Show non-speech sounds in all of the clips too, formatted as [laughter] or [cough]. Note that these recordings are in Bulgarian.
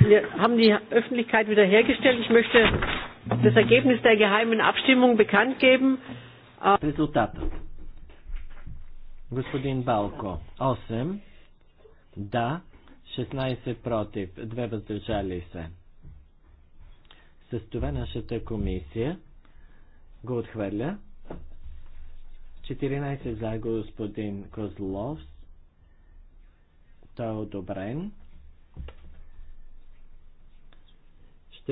Wir haben die Öffentlichkeit wiederhergestellt. Ich möchte das Ergebnis der geheimen Abstimmung bekannt geben. Resultat. Господин Балко, 8 да, 16 против, 2 въздържали се. С това нашата комисия го отхвърля. 14 за господин Козлов. Той е одобрен.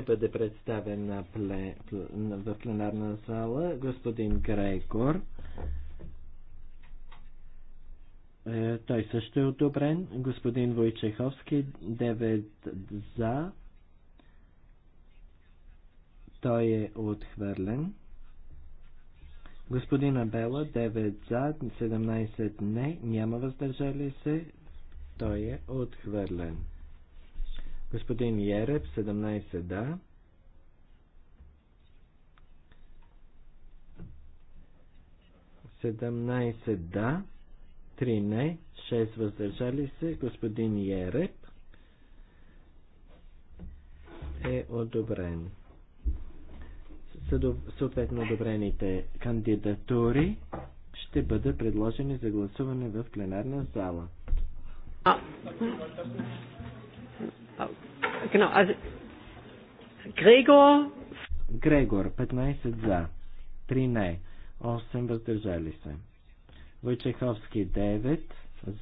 ще бъде представен на пле, в пленарна зала господин Грегор. Е, той също е одобрен. Господин Войчеховски 9 за. Той е отхвърлен. Господин Абела 9 за, 17 не, няма въздържали се. Той е отхвърлен. Господин Ереб, 17 да. Седемнайсет да, три не, шест въздържали се. Господин Ереб е одобрен. Съответно одобрените кандидатури ще бъдат предложени за гласуване в пленарна зала. Genau, also Грегор. Грегор, 15 за, 3 не, 8 въздържали се. Войчеховски 9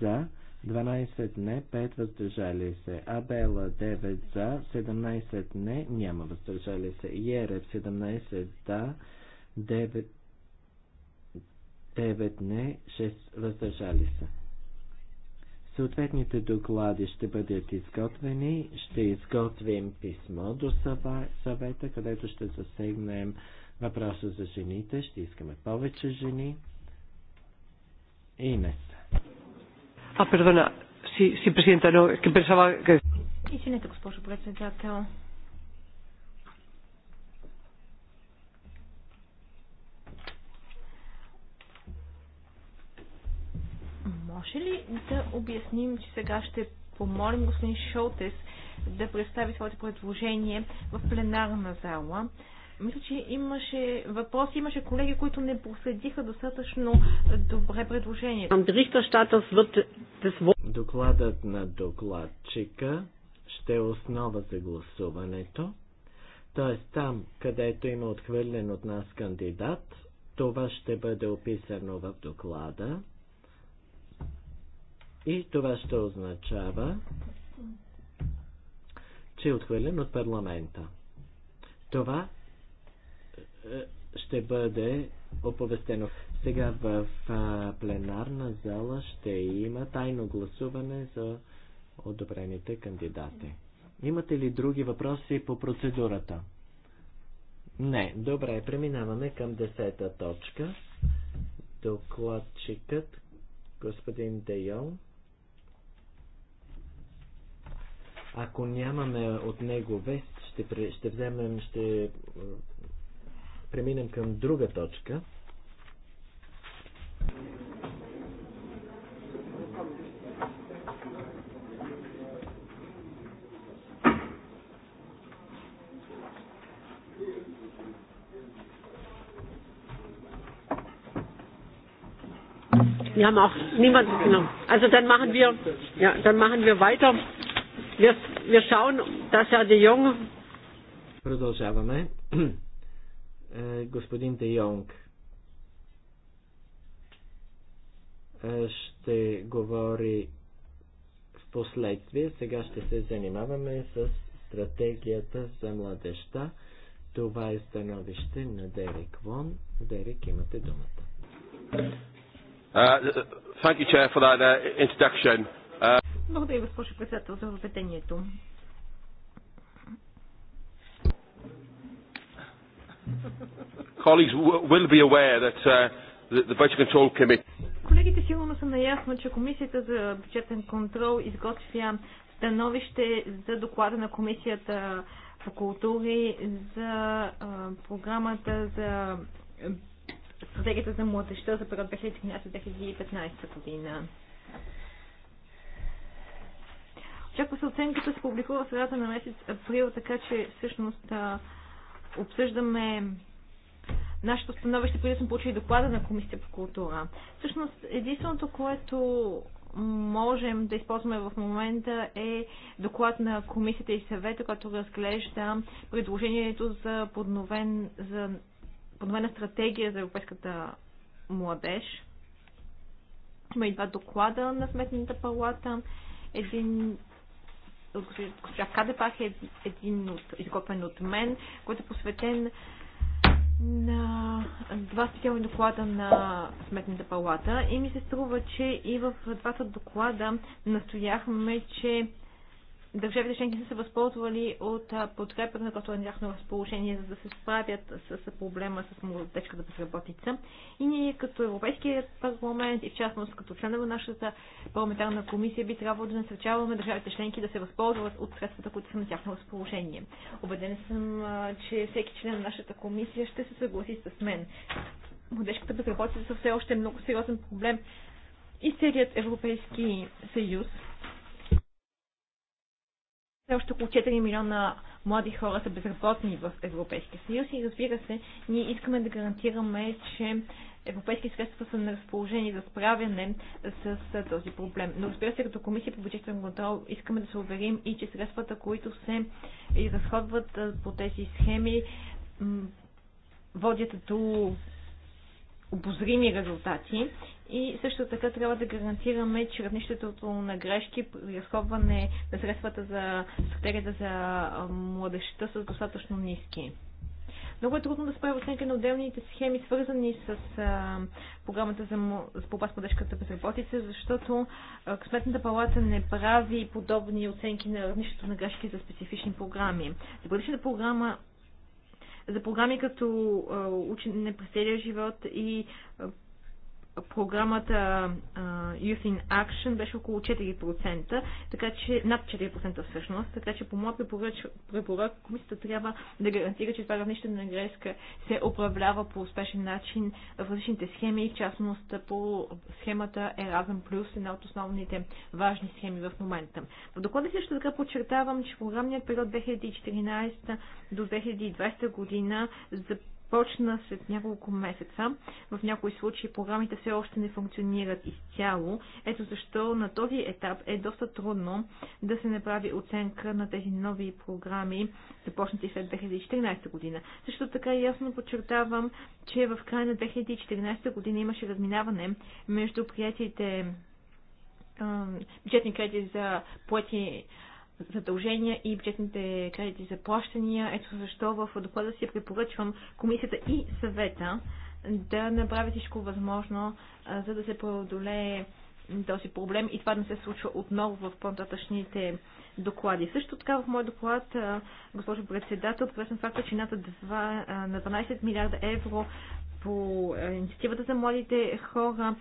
за, 12 не, 5 въздържали се. Абела 9 за, 17 не, няма въздържали се. Ерев, 17 да, 9, 9 не, 6 въздържали се. Съответните доклади ще бъдат изготвени. Ще изготвим писмо до съвета, където ще засегнем въпроса за жените. Ще искаме повече жени. Инес. А, пардона, си, си президента, но, que pensaba que... Извинете, госпожо председател. Може ли да обясним, че сега ще помолим господин Шолтес да представи своето предложение в пленарна зала? Мисля, че имаше въпроси, имаше колеги, които не проследиха достатъчно добре предложението. Докладът на докладчика ще е основа за гласуването. Т.е. там, където има отхвърлен от нас кандидат, това ще бъде описано в доклада. И това ще означава, че е отхвърлен от парламента. Това е, ще бъде оповестено. Сега в пленарна зала ще има тайно гласуване за одобрените кандидати. Имате ли други въпроси по процедурата? Не. Добре, преминаваме към десета точка. Докладчикът господин Де Йонг Ако нямаме от него вест, ще, ще вземем, ще преминем към друга точка. Wir haben auch niemanden genommen. Also dann machen wir, ja, dann machen wir weiter. Продължаваме. Е, господин Де Йонг е, ще говори в последствие. Сега ще се занимаваме с стратегията за младеща. Това е становище на Дерек Вон. Дерек, имате думата. Uh, thank you, Chair, for that uh, introduction. Благодаря, госпожо председател, за въведението. Uh, Колегите сигурно са наясно, че Комисията за бюджетен контрол изготвя становище за доклада на Комисията по култури за а, програмата за стратегията за младеща за период 2013-2015 година. Чаква се оценката се публикува в средата на месец април, така че всъщност а, обсъждаме нашето становище, преди сме получили доклада на Комисията по култура. Всъщност, единственото, което можем да използваме в момента е доклад на Комисията и съвета, който разглежда предложението за, подновен, за подновена стратегия за европейската младеж. Има и два доклада на Сметната палата. Един госпожа Кадепах е един от, изготвен от мен, който е посветен на два специални доклада на Сметната палата и ми се струва, че и в двата доклада настояхме, че държавите членки са се възползвали от подкрепата, на която е на тяхно разположение, за да се справят с проблема с младежката безработица. И ние като Европейският парламент и в частност като членове на нашата парламентарна комисия би трябвало да насърчаваме държавите членки да се възползват от средствата, които са на тяхно разположение. Обеден съм, че всеки член на нашата комисия ще се съгласи с мен. Младежката безработица е все още много сериозен проблем и целият Европейски съюз все още около 4 милиона млади хора са безработни в Европейския съюз и разбира се, ние искаме да гарантираме, че европейски средства са на разположение за справяне с този проблем. Но разбира се, като комисия по бюджетен контрол искаме да се уверим и че средствата, които се изразходват по тези схеми, водят до обозрими резултати и също така трябва да гарантираме, че равнището на грешки при разходване на средствата за стратегията за младещата са достатъчно ниски. Много е трудно да се прави оценка на отделните схеми, свързани с а, програмата за, за борба с младежката безработица, защото Късметната Сметната палата не прави подобни оценки на равнището на грешки за специфични програми. За бъдещата програма за програми като учене през целия живот и програмата Youth in Action беше около 4%, така че над 4% всъщност, така че по моя препорък комисията трябва да гарантира, че това равнище на греска се управлява по успешен начин в различните схеми, в частност по схемата Erasmus Plus, една от основните важни схеми в момента. В доклада също така подчертавам, че програмният период 2014 до 2020 година за започна след няколко месеца. В някои случаи програмите все още не функционират изцяло. Ето защо на този етап е доста трудно да се направи оценка на тези нови програми, започнати след 2014 година. Също така ясно подчертавам, че в края на 2014 година имаше разминаване между приятите бюджетни кредити за плати задължения и бюджетните кредити за плащания. Ето защо в доклада си препоръчвам комисията и съвета да направят всичко възможно, за да се преодолее този проблем и това не се случва отново в по-нататъчните доклади. Също така в мой доклад, госпожо председател, приветствам факта, че над на 12 милиарда евро по инициативата за младите хора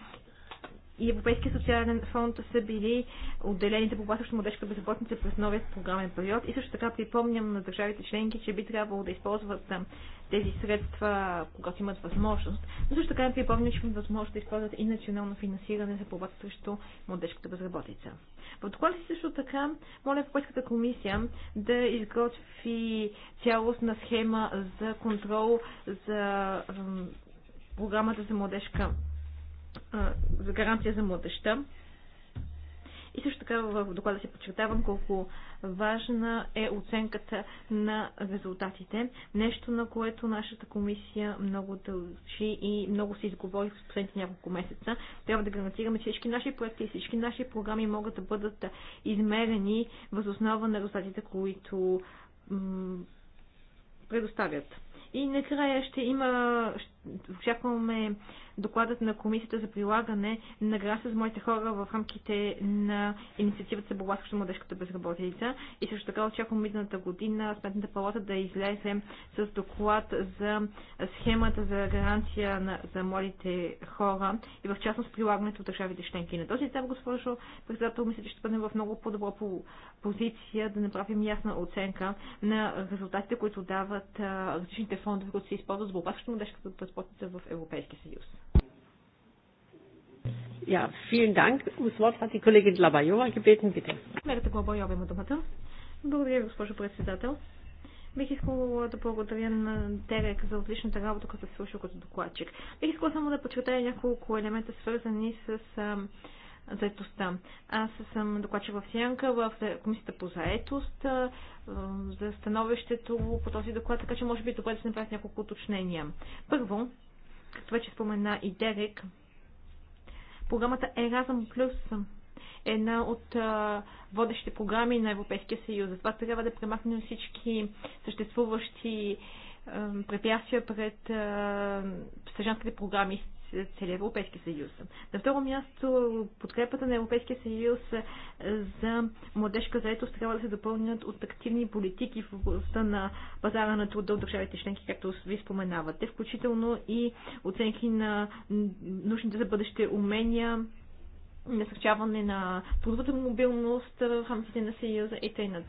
и Европейския социален фонд са били отделени за борба срещу младежка безработница през новият програмен период. И също така припомням на държавите членки, че би трябвало да използват тези средства, когато имат възможност. Но също така припомням, че имат възможност да използват и национално финансиране за борбата срещу младежката безработица. В доклада си също така моля Европейската комисия да изготви цялостна схема за контрол за програмата за младежка за гаранция за младеща. И също така в доклада си подчертавам колко важна е оценката на резултатите. Нещо, на което нашата комисия много дължи и много се изговори в последните няколко месеца. Трябва да гарантираме, че всички наши проекти и всички наши програми могат да бъдат измерени въз основа на резултатите, които предоставят. И накрая ще има, очакваме докладът на комисията за прилагане на граса за моите хора в рамките на инициативата за борба срещу младежката безработица. И също така очаквам миналата година Сметната палата да излезе с доклад за схемата за гаранция на, за младите хора и в частност прилагането от държавите членки. На този етап, госпожо председател, мисля, че ще бъдем в много по-добра позиция да направим ясна оценка на резултатите, които дават различните фондове, които се използват за борба срещу младежката безработица в Европейския съюз. Ja, vielen Dank. Das Wort hat die Kollegin Labajova gebeten, bitte. Мерата Глабайова има думата. Благодаря ви, госпожо председател. Бих искала да благодаря на Терек за отличната работа, като се слушал като докладчик. Бих искала само да подчертая няколко елемента, свързани с заетостта. Аз съм докладчик в Сянка в Комисията по заетост за становището по този доклад, така че може би е добре да се направят няколко уточнения. Първо, както вече спомена и Дерек, програмата Erasmus Plus е една от водещите програми на Европейския съюз. Затова трябва да премахнем всички съществуващи препятствия пред съжанските програми целия Европейски съюз. На второ място, подкрепата на Европейския съюз е, за младежка заетост трябва да се допълнят от активни политики в областта на пазара на труда от държавите членки, както ви споменавате, включително и оценки на нужните за бъдеще умения, насърчаване на трудовата мобилност в рамките на Съюза и т.н.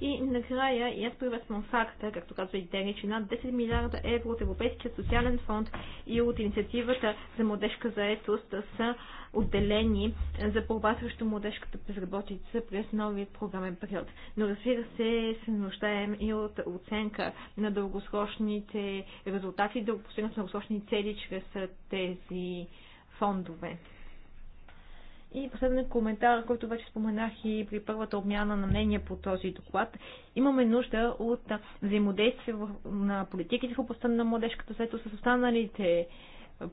И накрая, и аз приветствам факта, както казва и Дери, че над 10 милиарда евро от Европейския социален фонд и от инициативата за младежка заетост са отделени за борба срещу младежката безработица през новия програмен период. Но разбира се, се нуждаем и от оценка на дългосрочните резултати, дългосрочни цели чрез тези фондове. И последен коментар, който вече споменах и при първата обмяна на мнение по този доклад. Имаме нужда от взаимодействие на политиките в областта на младежката сето с останалите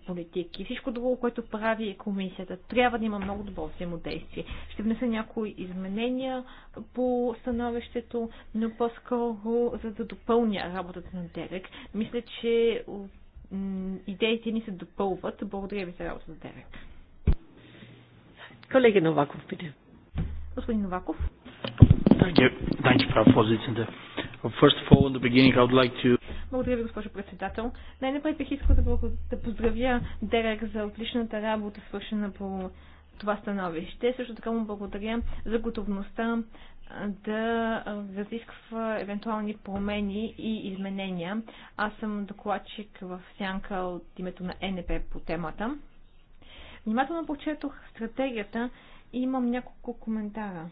политики. Всичко друго, което прави комисията, трябва да има много добро взаимодействие. Ще внеса някои изменения по становището, но по-скоро за да допълня работата на Дерек. Мисля, че идеите ни се допълват. Благодаря ви за работата, Дерек. Kollege Novakov, bitte. Господин Новаков. Благодаря ви, госпожо председател. Най-напред бих искал да, да поздравя Дерек за отличната работа, свършена по това становище. Също така му благодаря за готовността да разисква евентуални промени и изменения. Аз съм докладчик в сянка от името на НП по темата. Внимателно почетох стратегията и имам няколко коментара.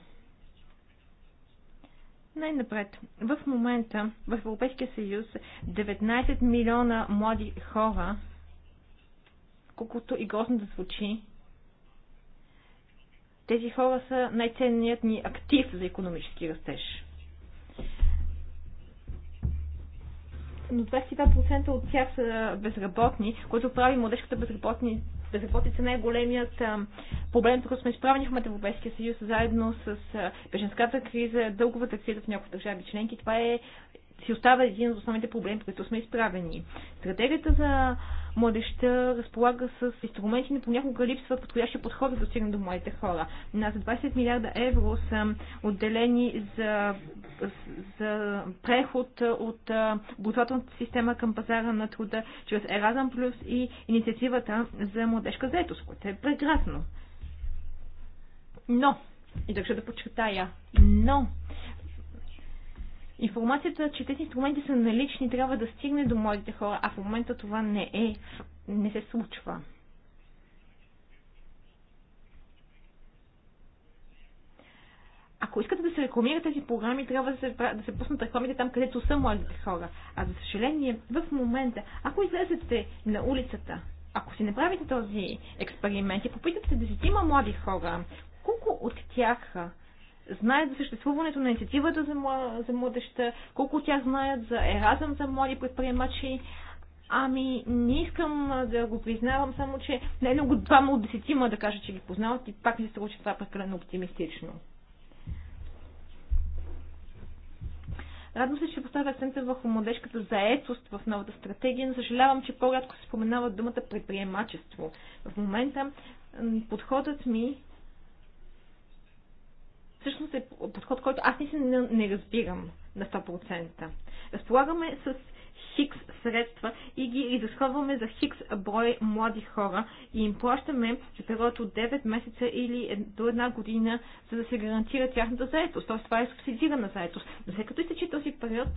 Най-напред, в момента в Европейския съюз 19 милиона млади хора, колкото и грозно да звучи, тези хора са най-ценният ни актив за економически растеж. Но 22% от тях са безработни, което прави младежката безработни, безработица не е големият проблем, който сме изправени в Европейския съюз, заедно с беженската криза, дълговата криза в някои държави членки. Това е си остава един от основните проблеми, които сме изправени. Стратегията за младеща разполага с инструменти, но понякога липсва, подходящи подходи да достигнат до младите хора. На 20 милиарда евро са отделени за, за преход от образователната система към пазара на труда чрез Еразъм Плюс и инициативата за младежка заетост, което е прекрасно. Но, и държа да подчертая, но информацията, че тези инструменти са налични, трябва да стигне до младите хора, а в момента това не е, не се случва. Ако искате да се рекламират тези програми, трябва да се, да се пуснат рекламите там, където са младите хора. А за съжаление, в момента, ако излезете на улицата, ако си направите този експеримент и попитате десетима млади хора, колко от тях знаят за съществуването на инициативата за, млад, за младеща, колко от тях знаят за еразъм за млади предприемачи. Ами, не искам да го признавам, само че не е много двама от десетима да кажа, че ги познават и пак ми се струва, че това е прекалено оптимистично. Радвам се, че поставя акцента върху младежката заетост в новата стратегия, но съжалявам, че по-рядко се споменава думата предприемачество. В момента подходът ми всъщност е подход, който аз наистина не, не разбирам на 100%. Разполагаме с хикс средства и ги изразходваме за хикс брой млади хора и им плащаме за период от 9 месеца или до една година, за да се гарантира тяхната заетост. Тоест това е субсидирана заетост. Но след като изтече този период,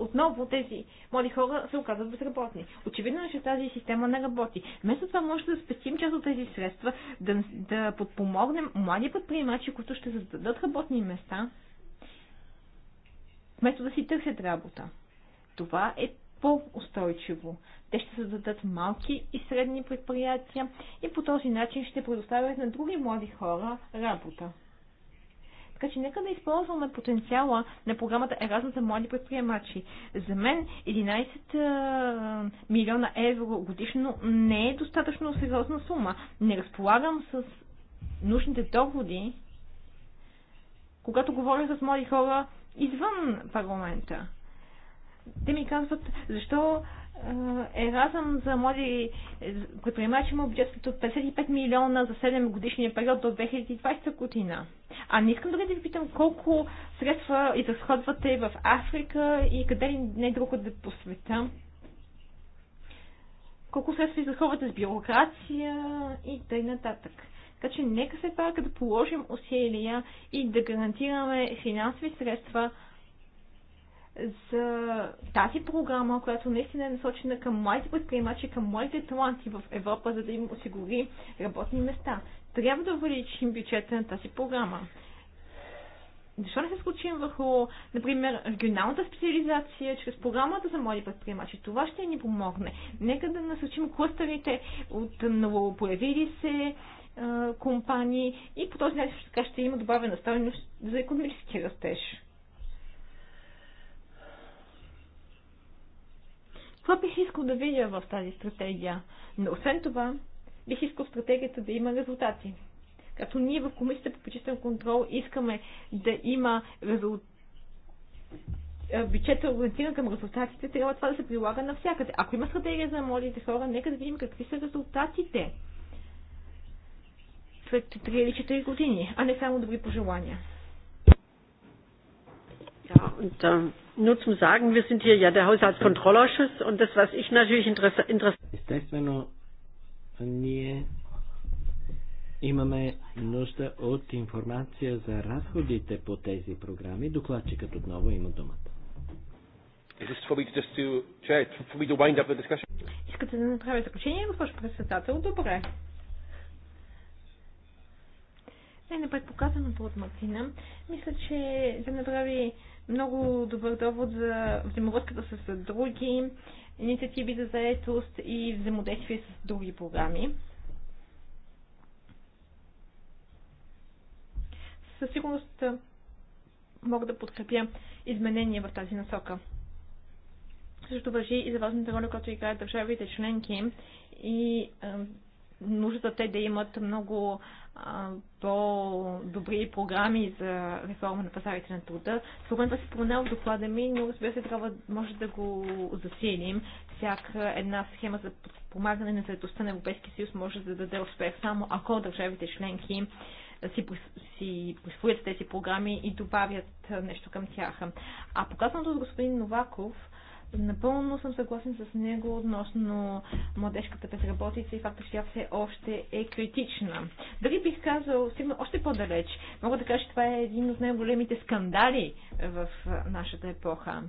отново тези млади хора се оказват безработни. Очевидно е, че тази система не работи. Вместо това може да спестим част от тези средства, да, да подпомогнем млади предприемачи, които ще създадат работни места, вместо да си търсят работа. Това е по-устойчиво. Те ще създадат малки и средни предприятия и по този начин ще предоставят на други млади хора работа. Така че нека да използваме потенциала на програмата Еразъм за млади предприемачи. За мен 11 милиона евро годишно не е достатъчно сериозна сума. Не разполагам с нужните доходи, когато говоря с млади хора извън парламента. Те ми казват, защо Еразъм за млади предприемачи има бюджет от 55 милиона за 7 годишния период до 2020 година. А не искам да ви питам колко средства изразходвате в Африка и къде ли не друго по света. Колко средства изразходвате с бюрокрация и т.н. нататък. Така че нека се пак да положим усилия и да гарантираме финансови средства за тази програма, която наистина е насочена към младите предприемачи, към младите таланти в Европа, за да им осигури работни места. Трябва да увеличим бюджета на тази програма. Защо не се случим върху, например, регионалната специализация чрез програмата за млади предприемачи? Това ще ни помогне. Нека да насочим клъстерите от новопоявили се компании и по този начин така ще има добавена стойност за економически растеж. Това бих искал да видя в тази стратегия. Но освен това, бих искал стратегията да има резултати. Като ние в Комисията по почистен контрол искаме да има резултати, бюджета ориентиран към резултатите, трябва това да се прилага навсякъде. Ако има стратегия за младите хора, нека да видим какви са резултатите след 3 или 4 години, а не само добри пожелания. Да, да nur zum Sagen, wir sind hier ja der Haushaltskontrollausschuss und das, was ich natürlich interessant... Естествено, ние имаме нужда от информация за разходите по тези програми. Докладчикът отново има думата. Искате да направя заключение, госпожо председател? Добре. Най-напред показаното от Мартина, мисля, че да направи много добър довод за взаимовръзката с други инициативи за заетост и взаимодействие с други програми. Със сигурност мога да подкрепя изменения в тази насока. Също въжи и за важната роля, която играят държавите членки и нуждата те да имат много по-добри програми за реформа на пазарите на труда. Според се спомена в доклада ми, но разбира се, трябва може да го засилим. Всяка една схема за помагане на заедостта на Европейския съюз може да даде успех само ако държавите членки си, си присвоят тези програми и добавят нещо към тях. А показаното от господин Новаков, Напълно съм съгласен с него относно младежката безработица и факта, че тя все още е критична. Дали бих казал, стигна още по-далеч. Мога да кажа, че това е един от най-големите скандали в нашата епоха.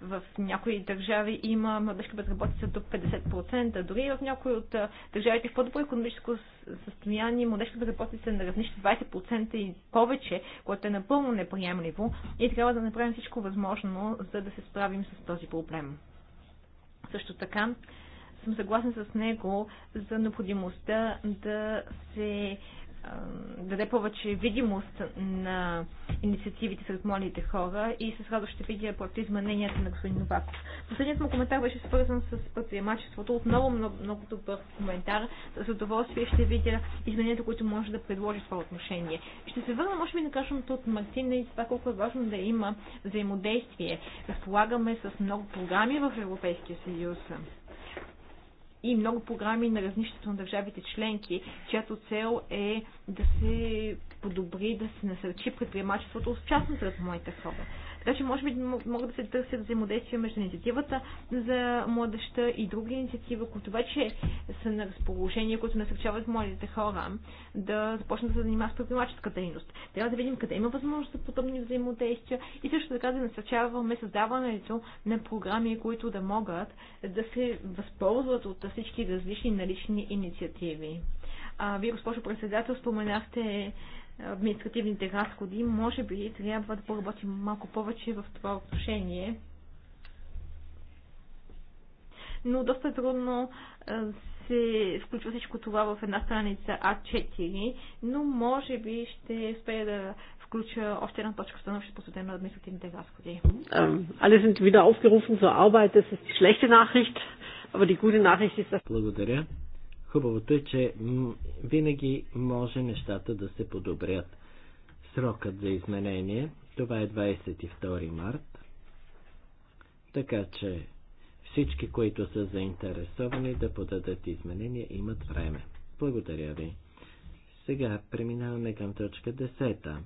В някои държави има младежка безработица до 50%, дори в някои от държавите в по-добро економическо състояние младежка безработица е на равнище 20% и повече, което е напълно неприемливо и трябва да направим всичко възможно, за да се справим с този проблем. Също така, съм съгласна с него за необходимостта да се даде повече видимост на инициативите сред младите хора и с радост ще видя проекта измененията на господин Новаков. Последният му коментар беше свързан с предприемачеството. Отново много, много добър коментар. С удоволствие ще видя измененията, които може да предложи това отношение. Ще се върна, може би, на кашното от Мартина и това колко е важно да има взаимодействие. Разполагаме с много програми в Европейския съюз и много програми на различните на държавите членки, чиято цел е да се подобри, да се насърчи предприемачеството, частната сред моите хора. Така че може би могат да се търсят взаимодействия между инициативата за младеща и други инициативи, които вече са на разположение, които насърчават младите хора да започнат да се занимават с предприемаческата дейност. Трябва да видим къде има възможност за подобни взаимодействия и също така да насърчаваме създаването на програми, които да могат да се възползват от всички различни налични инициативи. А, вие, госпожо председател, споменахте административните разходи, може би трябва да поработим малко повече в това отношение. Но доста трудно се включва всичко това в една страница А4, но може би ще успея да включа още една точка в становище по на административните разходи. Alle сме wieder aufgerufen zur Arbeit, das ist die schlechte Nachricht, aber die gute Nachricht ist, dass... Благодаря. Хубавото е, че винаги може нещата да се подобрят. Срокът за изменение, това е 22 март, така че всички, които са заинтересовани да подадат изменения, имат време. Благодаря ви. Сега преминаваме към точка 10.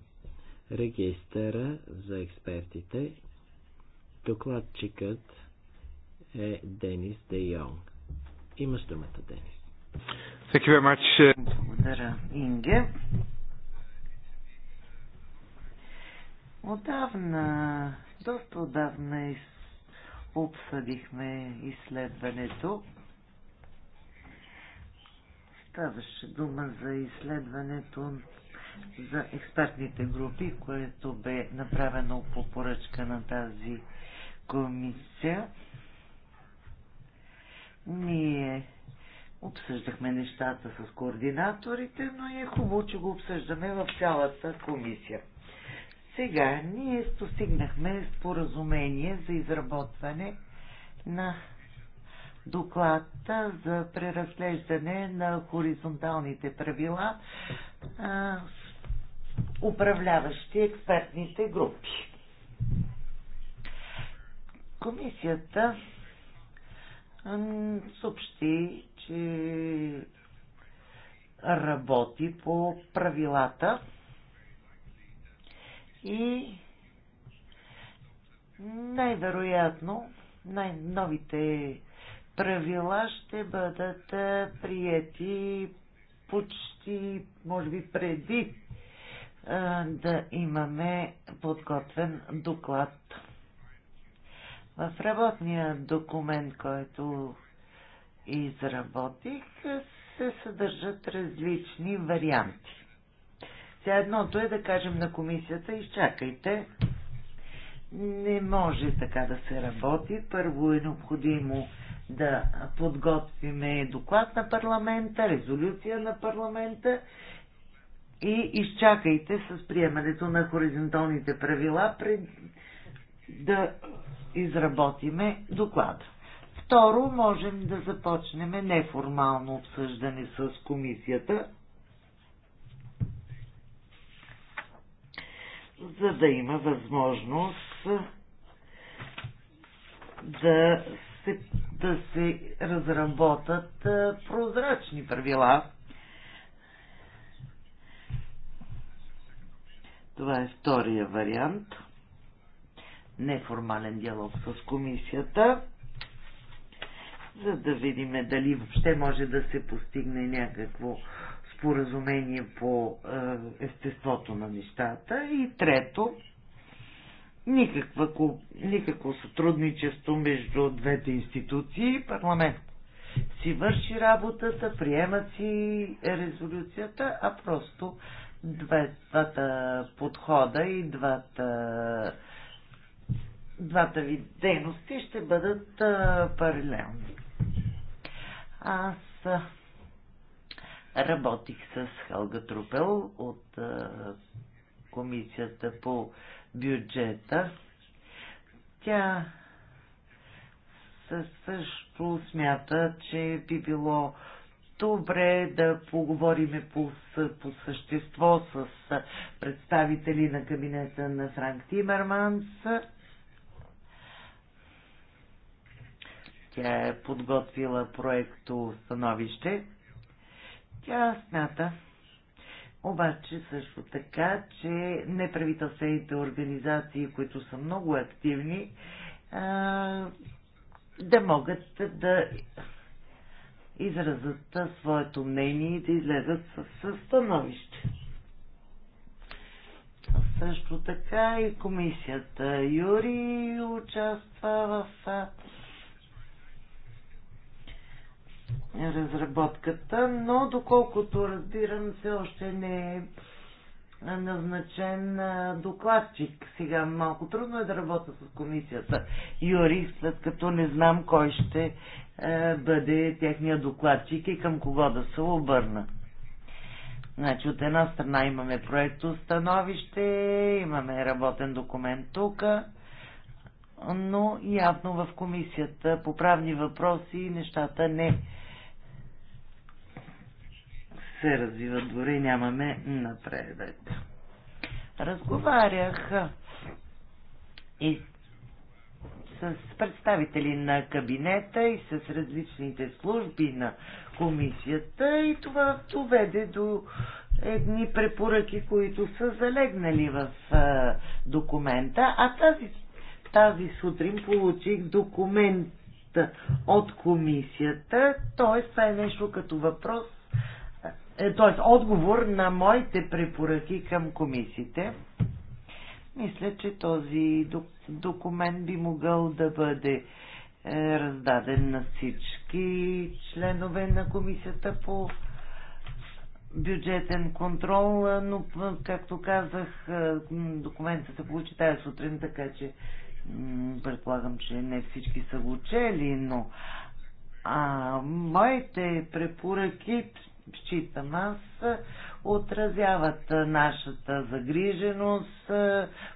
Регистъра за експертите. Докладчикът е Денис Де Йонг. Имаш думата, Денис. Thank you very much. Uh, Благодаря, Инге. Отдавна, доста отдавна обсъдихме изследването. Ставаше дума за изследването за експертните групи, което бе направено по поръчка на тази комисия. Ние Обсъждахме нещата с координаторите, но е хубаво, че го обсъждаме в цялата комисия. Сега ние постигнахме споразумение за изработване на доклада за преразглеждане на хоризонталните правила, а, управляващи експертните групи. Комисията съобщи, че работи по правилата и най-вероятно най-новите правила ще бъдат приети почти, може би, преди да имаме подготвен доклад. В работния документ, който изработих, се съдържат различни варианти. Сега едното е да кажем на комисията, изчакайте, не може така да се работи. Първо е необходимо да подготвиме доклад на парламента, резолюция на парламента и изчакайте с приемането на хоризонталните правила пред да изработиме доклада. Второ, можем да започнем неформално обсъждане с комисията, за да има възможност да се, да се разработат прозрачни правила. Това е втория вариант – неформален диалог с комисията, за да видим дали въобще може да се постигне някакво споразумение по е, естеството на нещата. И трето, никакво, никакво сътрудничество между двете институции. Парламент си върши работата, приемат си резолюцията, а просто двата подхода и двата двата ви дейности ще бъдат а, паралелни. Аз а, работих с Халга Трупел от а, комисията по бюджета. Тя също смята, че би било добре да поговорим по, по същество с представители на кабинета на Франк Тимерманс Тя е подготвила проекто становище. Тя смята, обаче също така, че неправителствените организации, които са много активни, да могат да изразят своето мнение и да излезат с становище. Също така и комисията Юри участва в разработката, но доколкото разбирам, все още не е назначен докладчик. Сега малко трудно е да работя с комисията юрист, след като не знам кой ще бъде техния докладчик и към кого да се обърна. Значи от една страна имаме проекто становище, имаме работен документ тук, но явно в комисията по правни въпроси нещата не се развива дори нямаме напредък. Разговарях и с представители на кабинета и с различните служби на комисията и това доведе до едни препоръки, които са залегнали в документа, а тази, тази сутрин получих документ от комисията, т.е. това е нещо като въпрос е, т.е. отговор на моите препоръки към комисиите. Мисля, че този документ би могъл да бъде е, раздаден на всички членове на комисията по бюджетен контрол, е, но както казах, документът се получи тази сутрин, така че предполагам, че не всички са го чели, но а, моите препоръки считам аз, отразяват нашата загриженост,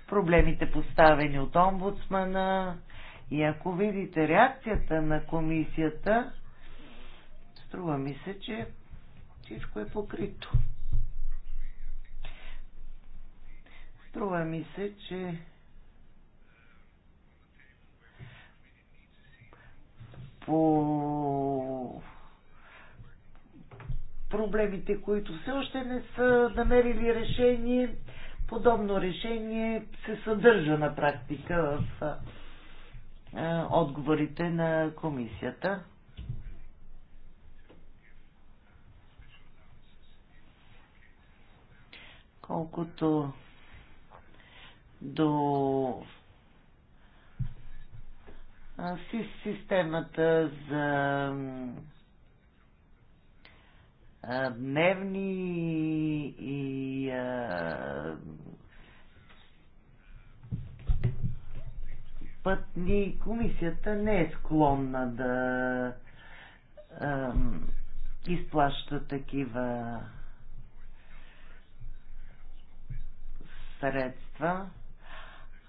проблемите поставени от омбудсмана. И ако видите реакцията на комисията, струва ми се, че всичко е покрито. Струва ми се, че по проблемите, които все още не са намерили решение. Подобно решение се съдържа на практика в отговорите на комисията. Колкото до системата за дневни и пътни комисията не е склонна да изплаща такива средства,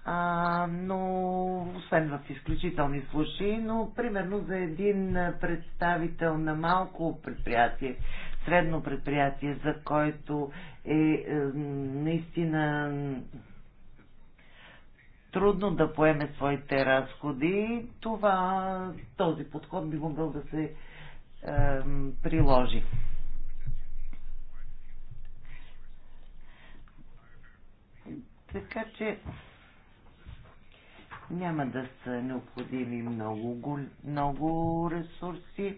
а, но освен в изключителни случаи, но примерно за един представител на малко предприятие, средно предприятие, за който е, е, наистина трудно да поеме своите разходи, това, този подход би могъл да се е, приложи. Така че няма да са необходими много, много ресурси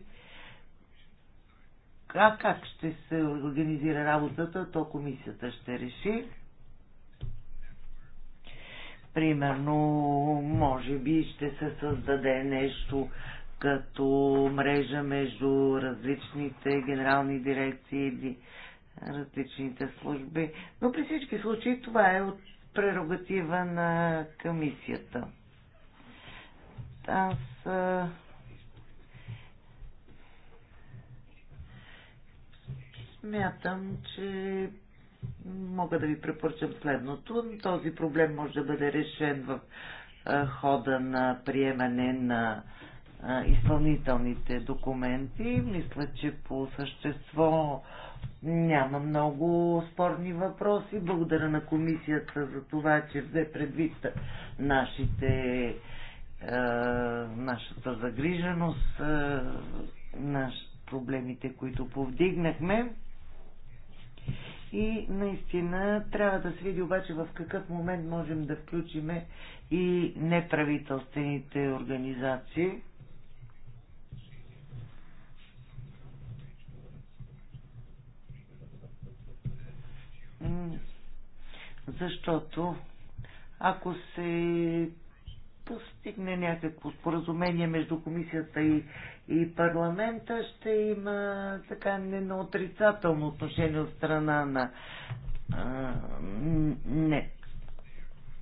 а как ще се организира работата, то комисията ще реши. Примерно, може би ще се създаде нещо като мрежа между различните генерални дирекции или различните служби. Но при всички случаи това е от прерогатива на комисията. Аз Смятам, че мога да ви препоръчам следното. Този проблем може да бъде решен в хода на приемане на изпълнителните документи. Мисля, че по същество няма много спорни въпроси. Благодаря на комисията за това, че взе предвид нашите, е, нашата загриженост, е, наш, проблемите, които повдигнахме. И наистина трябва да се види обаче в какъв момент можем да включиме и неправителствените организации. Защото ако се постигне някакво споразумение между комисията и и парламента ще има така отрицателно отношение от страна на а, не,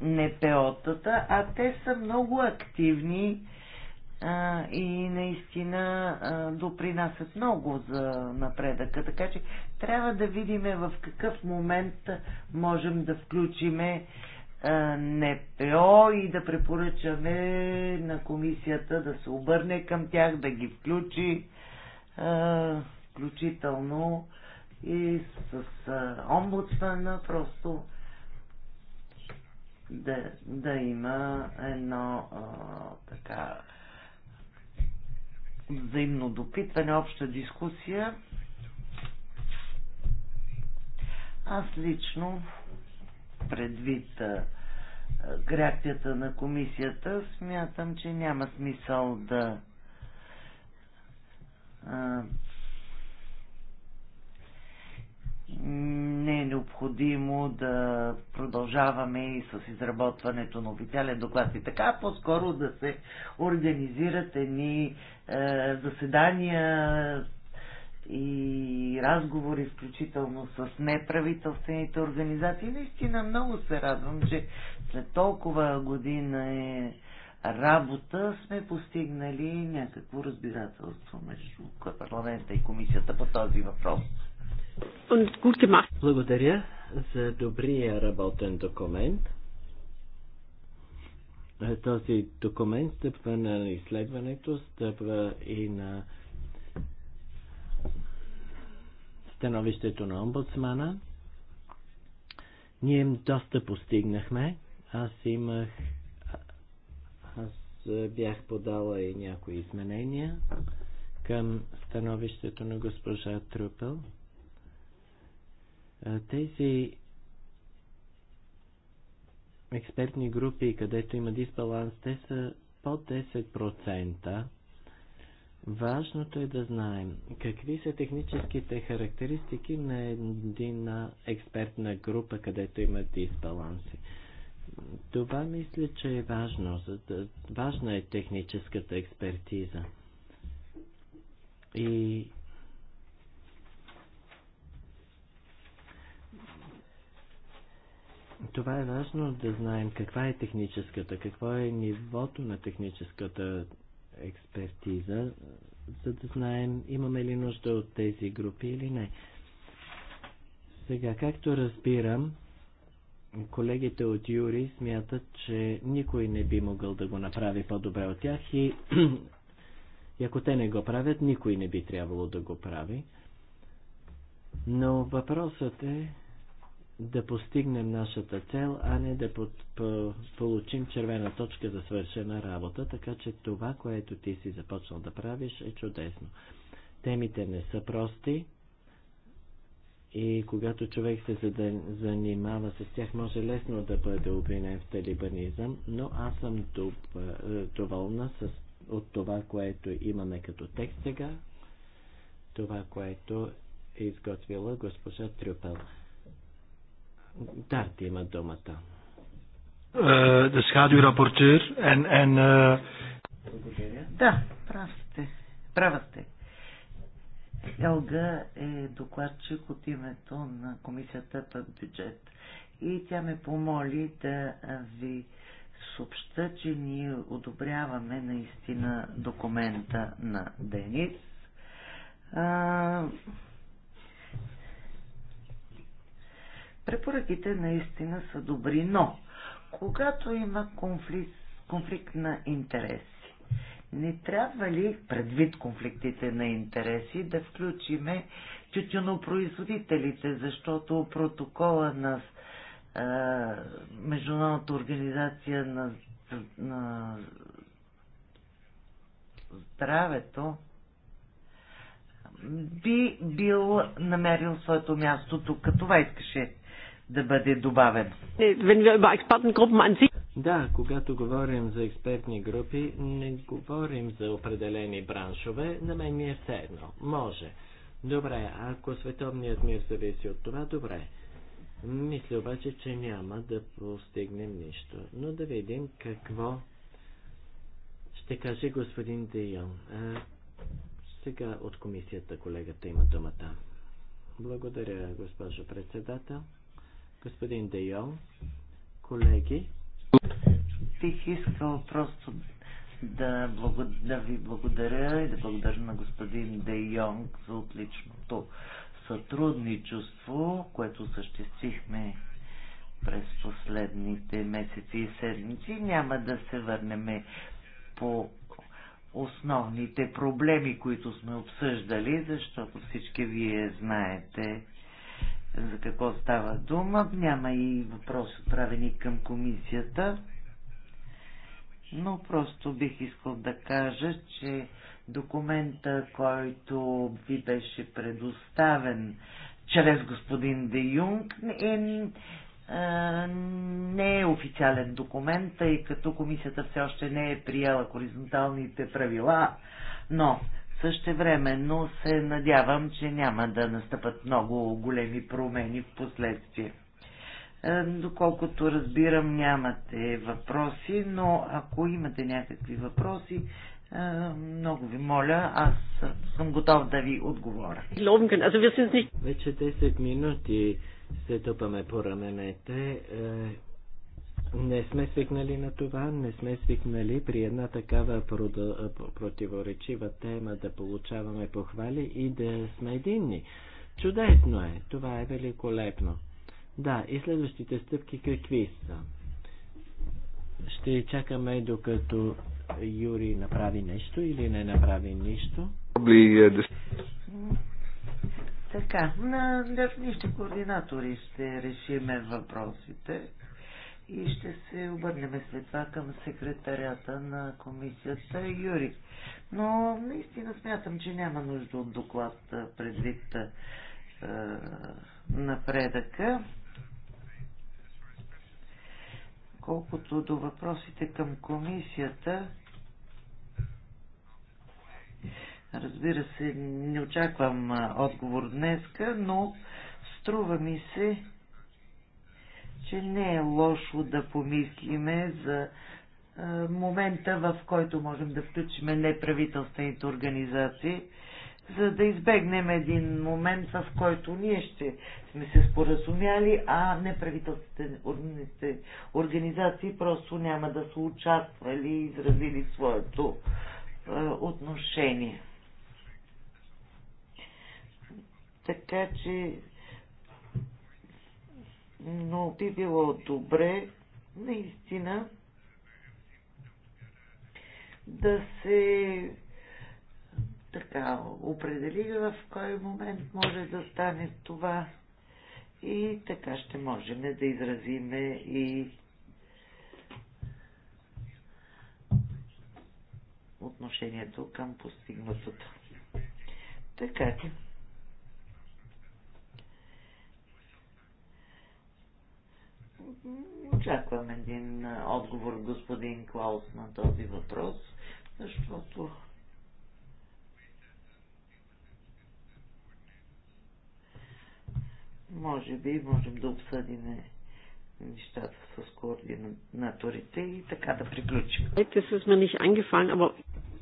НПО-тата, а те са много активни а, и наистина а, допринасят много за напредъка. Така че трябва да видим в какъв момент можем да включиме е, НПО и да препоръчаме на комисията да се обърне към тях, да ги включи, е, включително и с е, омбудсмана, просто да, да има едно а, така взаимно допитване, обща дискусия. Аз лично предвид а, реакцията на комисията, смятам, че няма смисъл да а, не е необходимо да продължаваме и с изработването на официален доклад и така, по-скоро да се организират едни е, заседания и разговори, включително с неправителствените организации. Наистина много се радвам, че след толкова година е работа сме постигнали някакво разбирателство между парламента и комисията по този въпрос. Благодаря за добрия работен документ. Този документ стъпва на изследването, стъпва и на становището на омбудсмана. Ние доста постигнахме. Аз имах... Аз бях подала и някои изменения към становището на госпожа Трупел. Тези експертни групи, където има дисбаланс, те са под 10%. Важното е да знаем какви са техническите характеристики на една експертна група, където има дисбаланси. Това мисля, че е важно. Важна е техническата експертиза. И това е важно да знаем каква е техническата, какво е нивото на техническата експертиза, за да знаем имаме ли нужда от тези групи или не. Сега, както разбирам, колегите от Юри смятат, че никой не би могъл да го направи по-добре от тях и, [clears throat] и ако те не го правят, никой не би трябвало да го прави. Но въпросът е да постигнем нашата цел, а не да под, по, получим червена точка за свършена работа, така че това, което ти си започнал да правиш е чудесно. Темите не са прости, и когато човек се занимава с тях, може лесно да бъде обвинен в талибанизъм, но аз съм доволна с, от това, което имаме като текст сега, това, което е изготвила госпожа Трюпел. Дарт има думата. Е, да схадю рапортер. Е- да, прав сте. Права сте. Елга е докладчик от името на комисията по бюджет и тя ме помоли да ви съобща, че ние одобряваме наистина документа на Денис. А... Препоръките наистина са добри, но когато има конфликт, конфликт на интереси, не трябва ли предвид конфликтите на интереси да включиме тютюнопроизводителите, защото протокола на а, Международната организация на, на здравето би бил намерил своето място тук. Това искаше да бъде добавено. Да, когато говорим за експертни групи, не говорим за определени браншове. На мен ми е все едно. Може. Добре, ако световният мир зависи от това, добре. Мисля обаче, че няма да постигнем нищо. Но да видим какво ще каже господин Дейон. Сега от комисията колегата има думата. Благодаря, госпожо председател. Господин Дейон, колеги, Бих искал просто да, благо... да ви благодаря и да благодаря на господин Де Йонг за отличното сътрудничество, което съществихме през последните месеци и седмици. Няма да се върнем по основните проблеми, които сме обсъждали, защото всички вие знаете за какво става дума. Няма и въпрос отправени към комисията. Но просто бих искал да кажа, че документа, който ви беше предоставен чрез господин Де Юнг, е, не е официален документ, тъй като комисията все още не е приела хоризонталните правила, но Същевременно се надявам, че няма да настъпат много големи промени в последствие. Е, доколкото разбирам, нямате въпроси, но ако имате някакви въпроси, е, много ви моля, аз съм готов да ви отговоря. Вече 10 минути се тупаме по раменете. Е, не сме свикнали на това, не сме свикнали при една такава противоречива тема да получаваме похвали и да сме единни. Чудесно е, това е великолепно. Да, и следващите стъпки какви са? Ще чакаме докато Юри направи нещо или не направи нищо. Е, така, на днешните координатори ще решиме въпросите и ще се обърнем след това към секретарята на комисията Юри. Но наистина смятам, че няма нужда от доклад предвид е, напредъка. Колкото до въпросите към комисията, разбира се, не очаквам отговор днеска, но струва ми се, че не е лошо да помислиме за момента, в който можем да включим неправителствените организации, за да избегнем един момент, в който ние ще сме се споразумяли, а неправителствените организации просто няма да са участвали и изразили своето отношение. Така че но би било добре наистина да се така определи в кой момент може да стане това и така ще можем да изразиме и отношението към постигнатото. Така че. очаквам един отговор от господин Клаус на този въпрос, защото може би можем да обсъдим нещата с координаторите и така да приключим.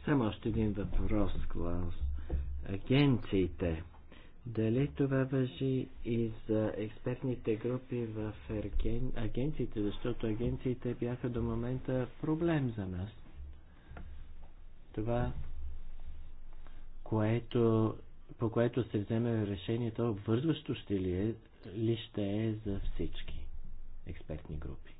Само още един въпрос, Клаус. Агенциите дали това въжи и за експертните групи в ерген... агенциите, защото агенциите бяха до момента проблем за нас. Това, което, по което се вземе решението, обвързващо ще ли, е, ли ще е за всички експертни групи?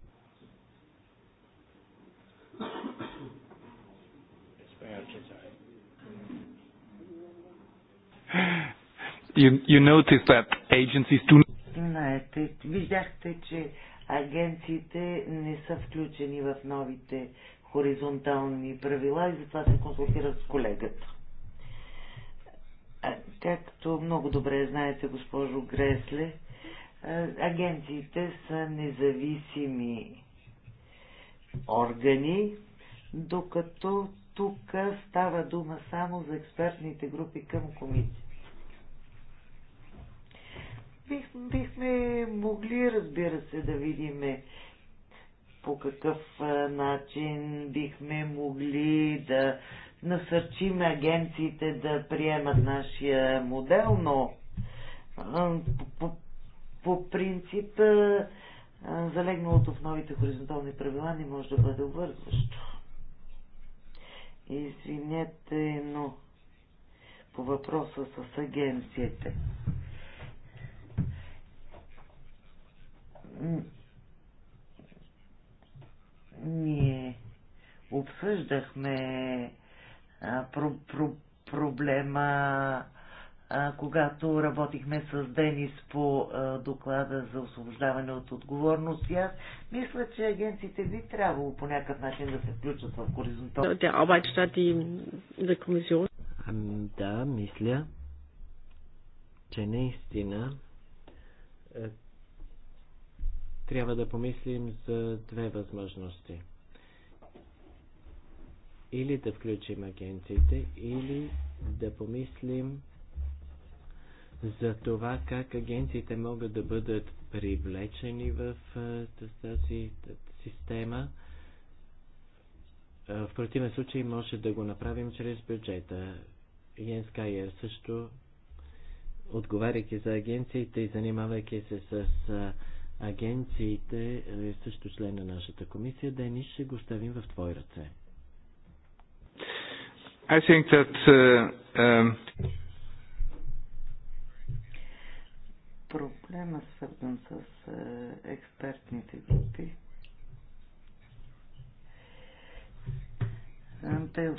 Yeah you, you that agencies do Знаете, виждахте, че агенциите не са включени в новите хоризонтални правила и затова се консултират с колегата. Както много добре знаете, госпожо Гресле, агенциите са независими органи, докато тук става дума само за експертните групи към комисия. Бих, бихме могли, разбира се, да видиме по какъв начин бихме могли да насърчим агенциите да приемат нашия модел, но по, по, по принцип залегналото в новите хоризонтални правила не може да бъде обвързващо. Извинете, но по въпроса с агенциите. ние обсъждахме а, про, про, проблема, а, когато работихме с Денис по а, доклада за освобождаване от отговорност. И аз мисля, че агенциите би трябвало по някакъв начин да се включат в хоризонтално. Да, мисля, че наистина трябва да помислим за две възможности. Или да включим агенциите, или да помислим за това как агенциите могат да бъдат привлечени в тази система. В противен случай може да го направим чрез бюджета. Йенс Кайер също, отговаряйки за агенциите и занимавайки се с агенциите е, също член на нашата комисия. Дени, ще го ставим в твои ръце. I think that, uh, um... Проблема свързан с uh, експертните групи. Е, те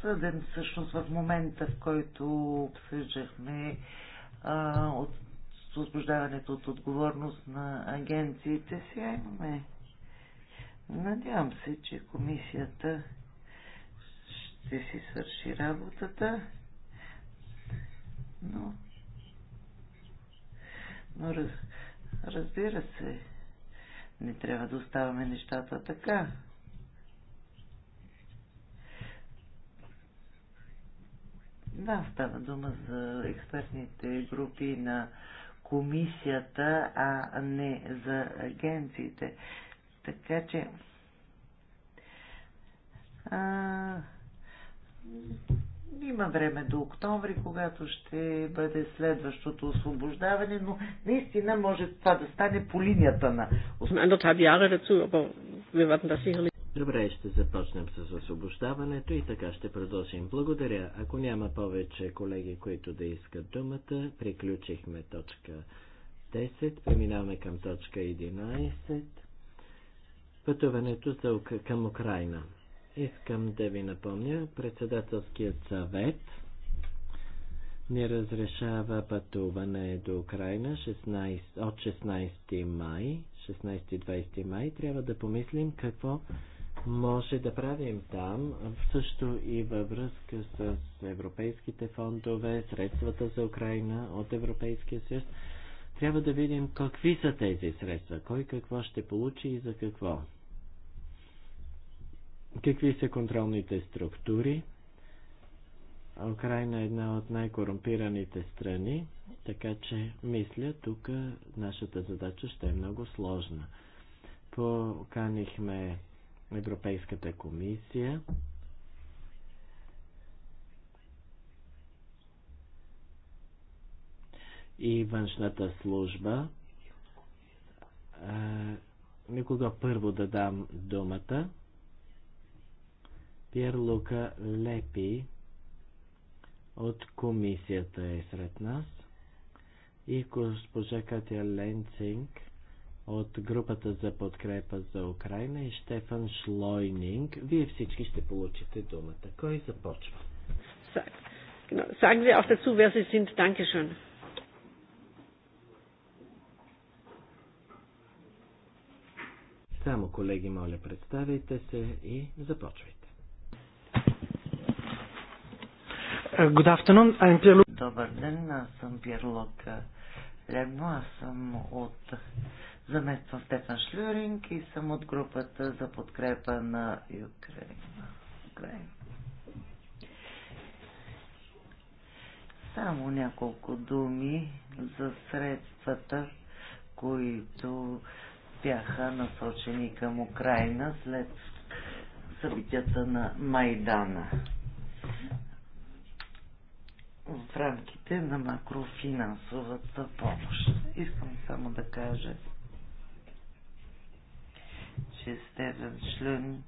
съден всъщност в момента, в който обсъждахме от освобождаването от отговорност на агенциите. Сега имаме. Надявам се, че комисията ще си свърши работата, но, но раз, разбира се, не трябва да оставаме нещата така. Да, става дума за експертните групи на комисията, а не за агенциите. Така че. А, има време до октомври, когато ще бъде следващото освобождаване, но наистина може това да стане по линията на... това Jahre dazu, aber wir werden das sicherlich... Добре, ще започнем с освобождаването и така ще продължим. Благодаря. Ако няма повече колеги, които да искат думата, приключихме точка 10. Преминаваме към точка 11. Пътуването за, към Украина. Искам да ви напомня, председателският съвет ни разрешава пътуване до Украина 16, от 16 май, 16-20 май. Трябва да помислим какво може да правим там, също и във връзка с европейските фондове, средствата за Украина от Европейския съюз. Трябва да видим какви са тези средства, кой какво ще получи и за какво. Какви са контролните структури? Украина е една от най-корумпираните страни, така че мисля, тук нашата задача ще е много сложна. Поканихме Европейската комисия. и външната служба. Е, никога първо да дам думата. Пьер Лука Лепи от комисията е сред нас и госпожа Катя Ленцинг от групата за подкрепа за Украина и Штефан Шлойнинг. Вие всички ще получите думата. Кой започва? Sagen Sie auch dazu, wer Sie sind. Dankeschön. Само, колеги, моля, представяйте се и започвайте. Good afternoon, I'm Pierre Добър ден, аз съм Пиерлок Лебно, аз съм от Замествам Стефан Шлюринг и съм от групата за подкрепа на Украина. Украина. Само няколко думи за средствата, които бяха насочени към Украина след събитията на Майдана в рамките на макрофинансовата помощ. Искам само да кажа, че Стефан Шлюн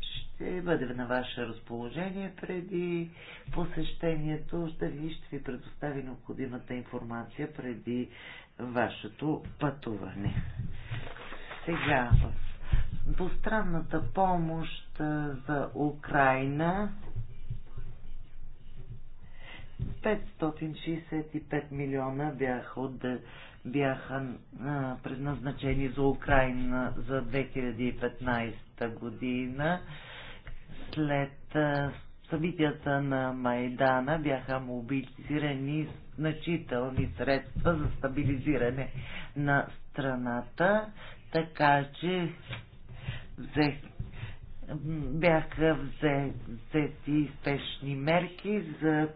ще бъде на ваше разположение преди посещението. Ще ви, ще ви предостави необходимата информация преди вашето пътуване. Сега в двустранната помощ за Украина 565 милиона бяха от бяха а, предназначени за Украина за 2015 година. След а, събитията на Майдана бяха мобилизирани значителни средства за стабилизиране на страната, така че взех, бяха взети спешни мерки за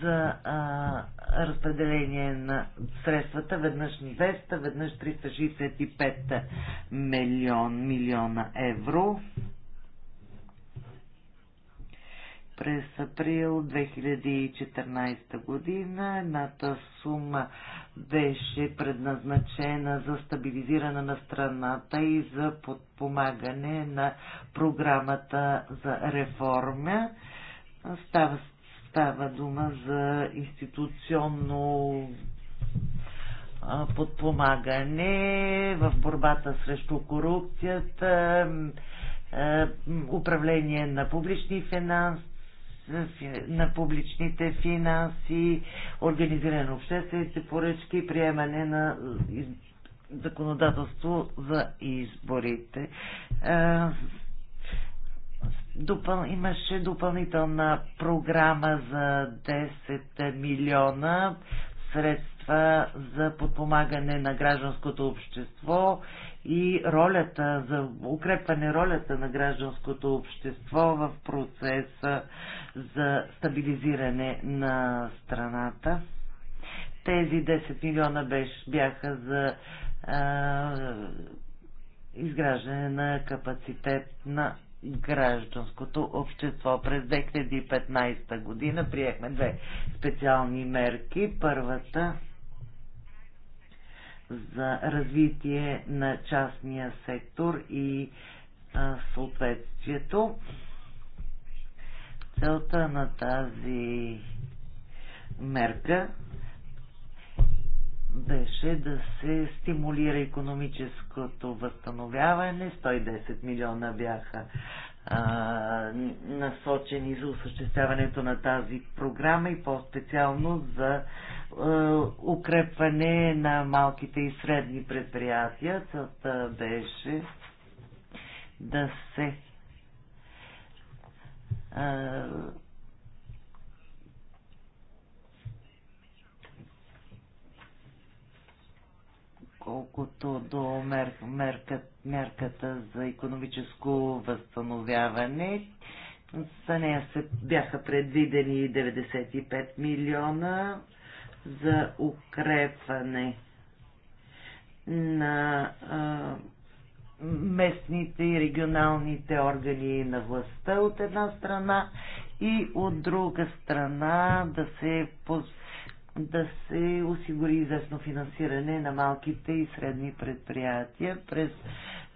за а, разпределение на средствата. Веднъж 200, веднъж 365 милион, милиона евро. През април 2014 година едната сума беше предназначена за стабилизиране на страната и за подпомагане на програмата за реформа. Става Става дума за институционно подпомагане в борбата срещу корупцията, управление на публични финанси, на публичните финанси, организиране на обществените поръчки, приемане на законодателство за изборите допъл... имаше допълнителна програма за 10 милиона средства за подпомагане на гражданското общество и ролята, за укрепване ролята на гражданското общество в процеса за стабилизиране на страната. Тези 10 милиона беше, бяха за а, изграждане на капацитет на гражданското общество. През 2015 година приехме две специални мерки. Първата за развитие на частния сектор и а, съответствието. Целта на тази мерка беше да се стимулира економическото възстановяване. 110 милиона бяха а, насочени за осъществяването на тази програма и по-специално за а, укрепване на малките и средни предприятия. Целта беше да се а, колкото до мер, мерка, мерката за економическо възстановяване. За нея се бяха предвидени 95 милиона за укрепване на а, местните и регионалните органи на властта от една страна и от друга страна да се да се осигури известно финансиране на малките и средни предприятия. През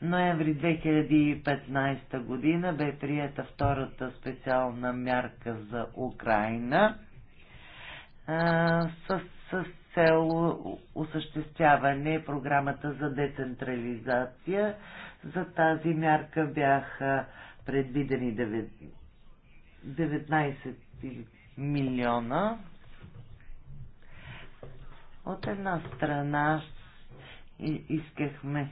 ноември 2015 година бе прията втората специална мярка за Украина а, с, с цел осъществяване програмата за децентрализация. За тази мярка бяха предвидени 19 милиона от една страна искахме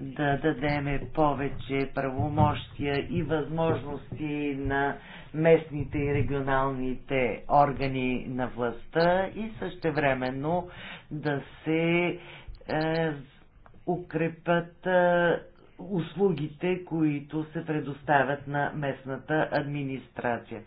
да дадеме повече правомощия и възможности на местните и регионалните органи на властта и същевременно да се е, укрепят е, услугите, които се предоставят на местната администрация.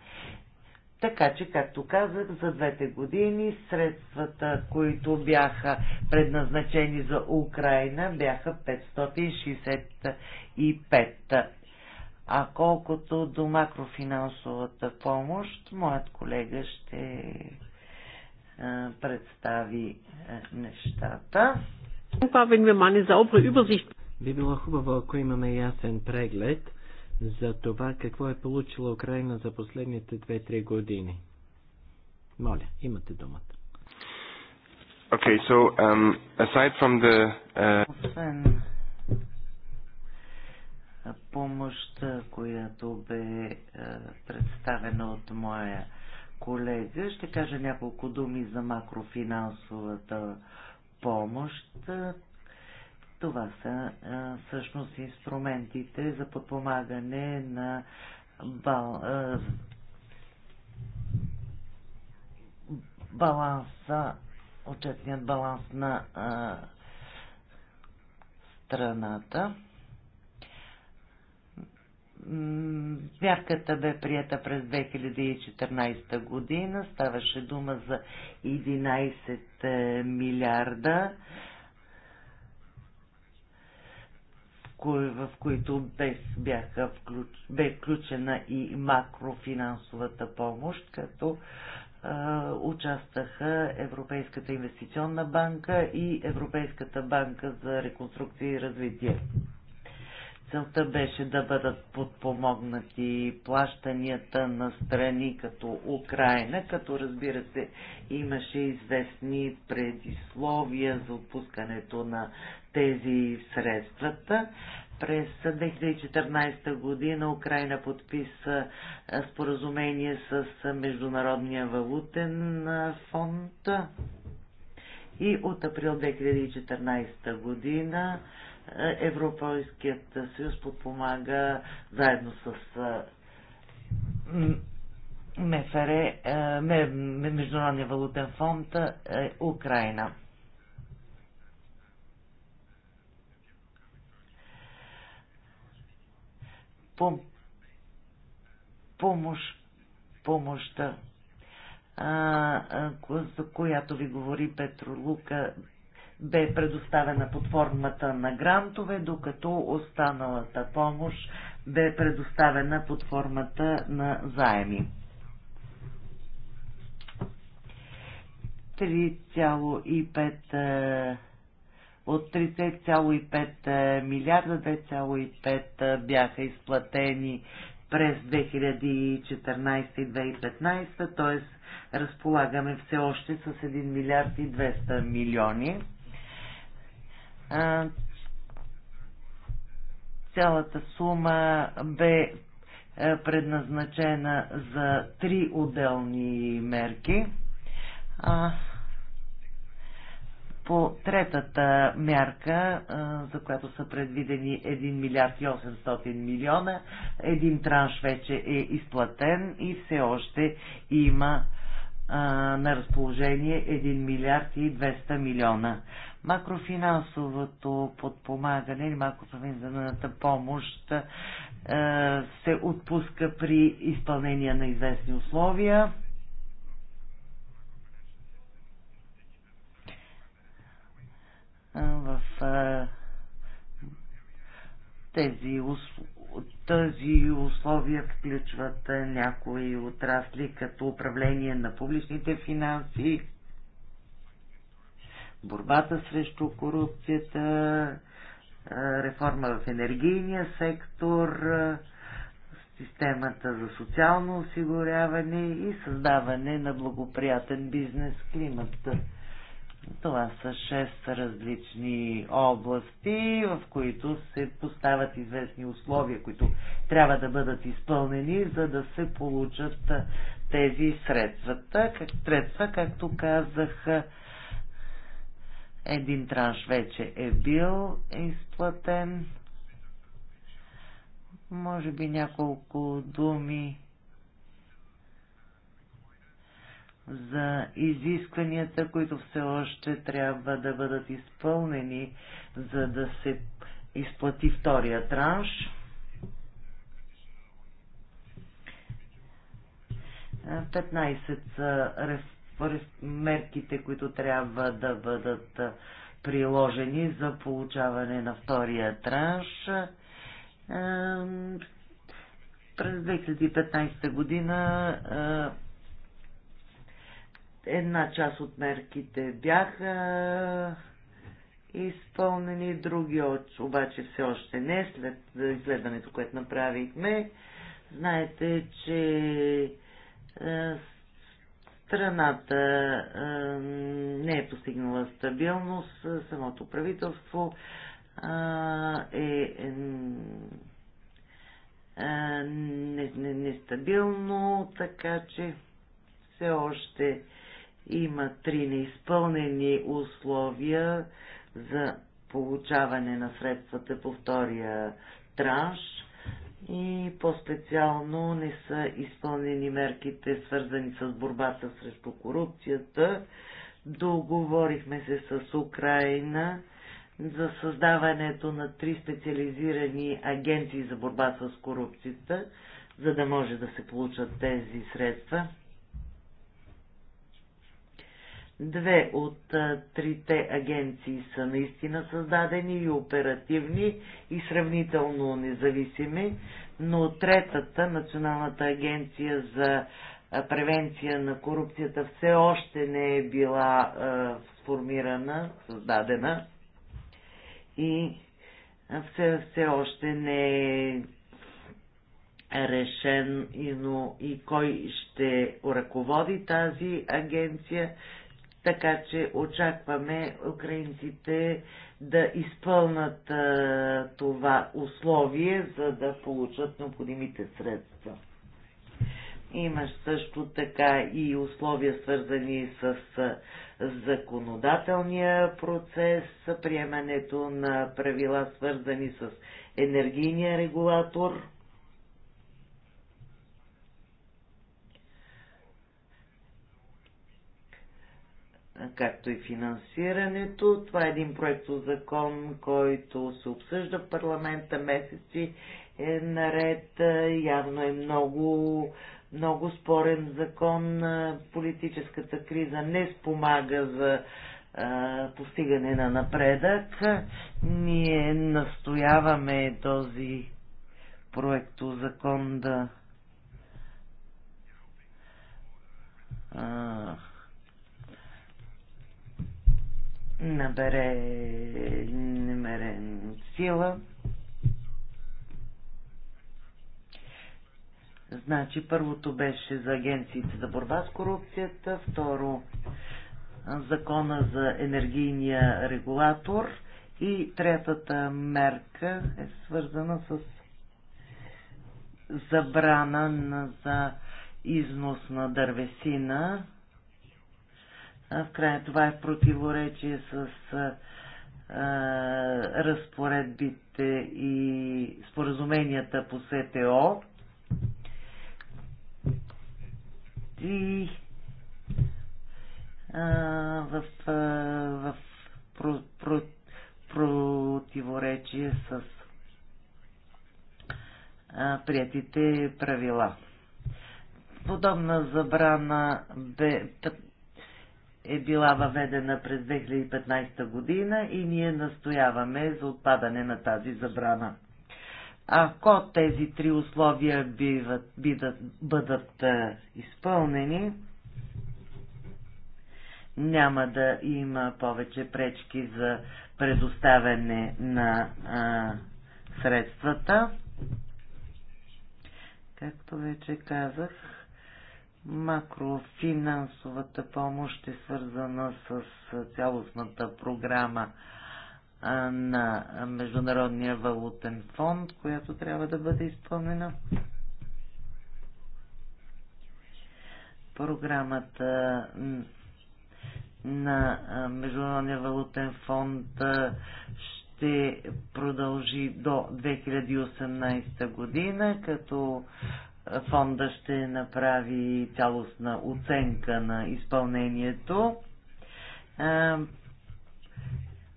Така че, както казах, за двете години средствата, които бяха предназначени за Украина, бяха 565. А колкото до макрофинансовата помощ, моят колега ще е, представи е, нещата. Би било хубаво, ако имаме ясен преглед за това какво е получила Украина за последните 2-3 години. Моля, имате думата. Okay, so um, aside from the uh... Освен помощта, която бе uh, представена от моя колега, ще кажа няколко думи за макрофинансовата помощ. Това са а, всъщност инструментите за подпомагане на бал, а, баланса, отчетният баланс на а, страната. Мярката бе прията през 2014 година. Ставаше дума за 11 е, милиарда. в които без бяха включ, бе включена и макрофинансовата помощ, като а, участваха Европейската инвестиционна банка и Европейската банка за реконструкция и развитие. Целта беше да бъдат подпомогнати плащанията на страни като Украина, като разбира се имаше известни предисловия за отпускането на тези средствата. През 2014 година Украина подписа споразумение с Международния валутен фонд и от април 2014 година е, Европейският съюз подпомага заедно с МФР, е, Международния валутен фонд, е, Украина. Помощ, помощта, за която ви говори Петро Лука, бе предоставена под формата на грантове, докато останалата помощ бе предоставена под формата на заеми. 3,5 е, от 3,5 е, милиарда 2,5 е, бяха изплатени през 2014 и 2015, т.е. разполагаме все още с 1 милиард и 200 милиони. Цялата сума бе е, предназначена за три отделни мерки. А, по третата мярка, е, за която са предвидени 1 милиард и 800 милиона, един транш вече е изплатен и все още има е, на разположение 1 милиард и 200 милиона макрофинансовото подпомагане или макрофинансовата помощ е, се отпуска при изпълнение на известни условия. В е, тези, тези условия включват е, някои отрасли като управление на публичните финанси, борбата срещу корупцията, реформа в енергийния сектор, системата за социално осигуряване и създаване на благоприятен бизнес климат. Това са шест различни области, в които се поставят известни условия, които трябва да бъдат изпълнени, за да се получат тези средствата. Как, средства, както казах, един транш вече е бил изплатен. Може би няколко думи за изискванията, които все още трябва да бъдат изпълнени, за да се изплати втория транш. Петнайсет са мерките, които трябва да бъдат приложени за получаване на втория транш. През 2015 година една част от мерките бяха изпълнени, други обаче все още не, след изследването, което направихме. Знаете, че страната не е постигнала стабилност, самото правителство е нестабилно, така че все още има три неизпълнени условия за получаване на средствата по втория транш и по-специално не са изпълнени мерките, свързани с борбата срещу корупцията. Договорихме се с Украина за създаването на три специализирани агенции за борба с корупцията, за да може да се получат тези средства. Две от а, трите агенции са наистина създадени и оперативни и сравнително независими, но третата, Националната агенция за превенция на корупцията, все още не е била а, сформирана, създадена и все, все още не е решен и, но, и кой ще ръководи тази агенция така че очакваме украинците да изпълнат а, това условие, за да получат необходимите средства. Има също така и условия свързани с законодателния процес, приемането на правила свързани с енергийния регулатор както и финансирането. Това е един проект закон, който се обсъжда в парламента месеци е наред. Явно е много, много спорен закон. Политическата криза не спомага за а, постигане на напредък. Ние настояваме този проекто закон да а, набере, набере сила. Значи, първото беше за агенциите за борба с корупцията, второ закона за енергийния регулатор и третата мерка е свързана с забрана на, за износ на дървесина в края това е в противоречие с разпоредбите и споразуменията по СТО. И в, в, про, про, противоречие с а, приятите правила. Подобна забрана бе е била въведена през 2015 година и ние настояваме за отпадане на тази забрана. Ако тези три условия биват, бидат, бъдат е, изпълнени, няма да има повече пречки за предоставяне на а, е, средствата. Както вече казах, макрофинансовата помощ е свързана с цялостната програма на Международния валутен фонд, която трябва да бъде изпълнена. Програмата на Международния валутен фонд ще продължи до 2018 година, като фонда ще направи цялостна оценка на изпълнението.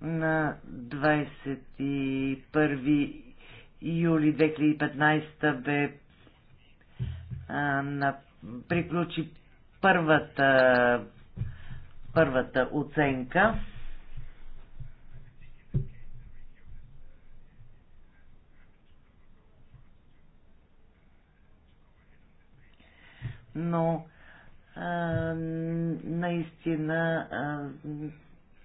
На 21 юли 2015 бе на, приключи първата, първата оценка. но а, наистина а,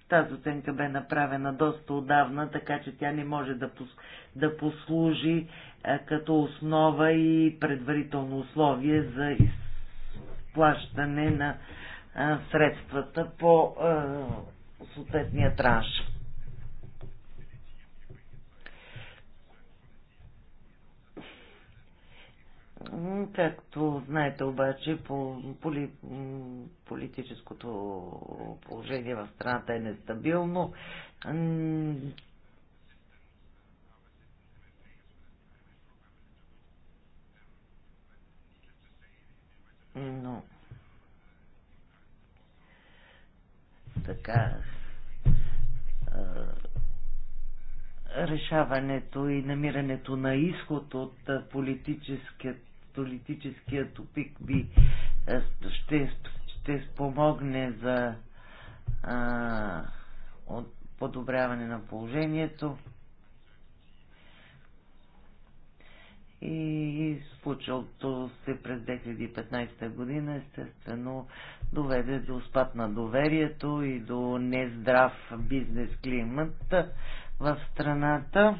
тази оценка бе направена доста отдавна, така че тя не може да, пос, да послужи а, като основа и предварително условие за изплащане на а, средствата по а, съответния транш. Както знаете обаче, по, поли, политическото положение в страната е нестабилно. Но... Така решаването и намирането на изход от политическият политическия тупик би е, ще, ще спомогне за а, от подобряване на положението. И случилото се през 2015 година естествено доведе до спад на доверието и до нездрав бизнес климат в страната.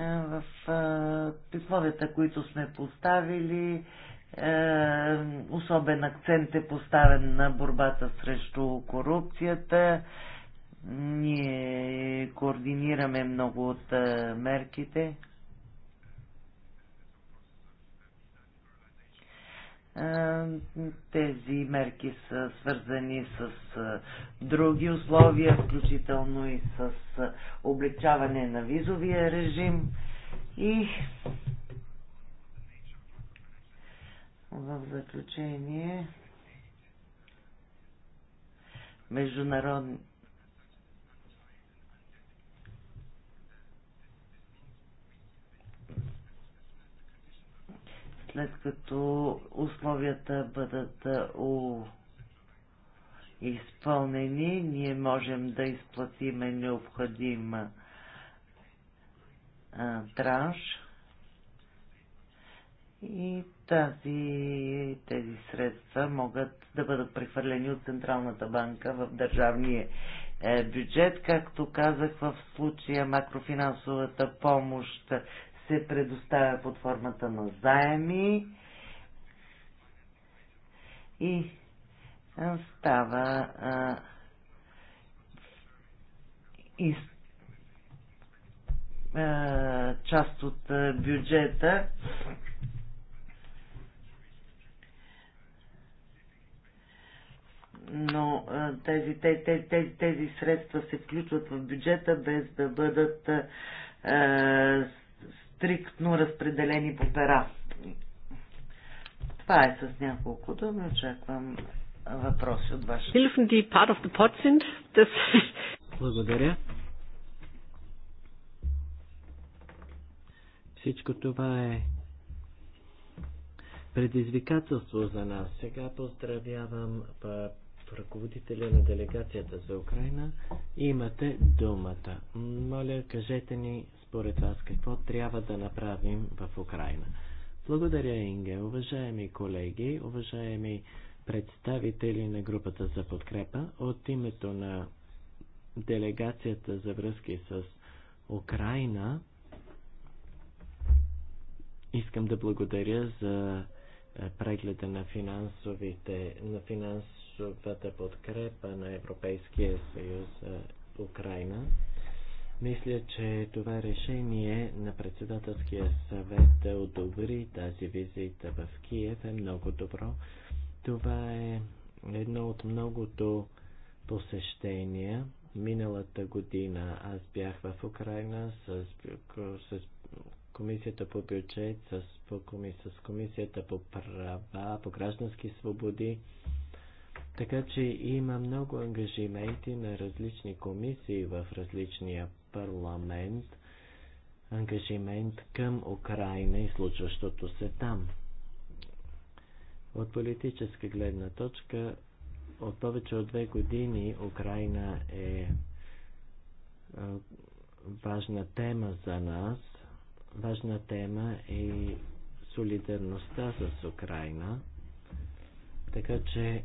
Е, в е, условията, които сме поставили, е, особен акцент е поставен на борбата срещу корупцията. Ние координираме много от мерките. Е, тези мерки са свързани с е, други условия, включително и с е, облегчаване на визовия режим и в заключение международни след като условията бъдат у... изпълнени, ние можем да изплатиме необходим а, транш и тази, тези средства могат да бъдат прехвърлени от Централната банка в държавния е, бюджет. Както казах, в случая макрофинансовата помощ се предоставя под формата на заеми и става а, и, а, част от а, бюджета. но тези, тези, тези, тези средства се включват в бюджета без да бъдат стриктно разпределени по пера. Това е с няколко думи. Очаквам въпроси от вашите. Hilfen, die part of the pot sind, das... Благодаря. Всичко това е предизвикателство за нас. Сега поздравявам ръководителя на делегацията за Украина. Имате думата. Моля, кажете ни според вас какво трябва да направим в Украина. Благодаря, Инге. Уважаеми колеги, уважаеми представители на групата за подкрепа, от името на делегацията за връзки с Украина, искам да благодаря за е, прегледа на финансовите, на финанс, финансовата подкрепа на Европейския съюз за е, Украина. Мисля, че това решение на председателския съвет да одобри тази визита в Киев е много добро. Това е едно от многото посещения. Миналата година аз бях в Украина с, с комисията по бюджет, с, с комисията по права, по граждански свободи така че има много ангажименти на различни комисии в различния парламент, ангажимент към Украина и случващото се там. От политическа гледна точка, от повече от две години Украина е, е важна тема за нас. Важна тема е солидарността с Украина. Така че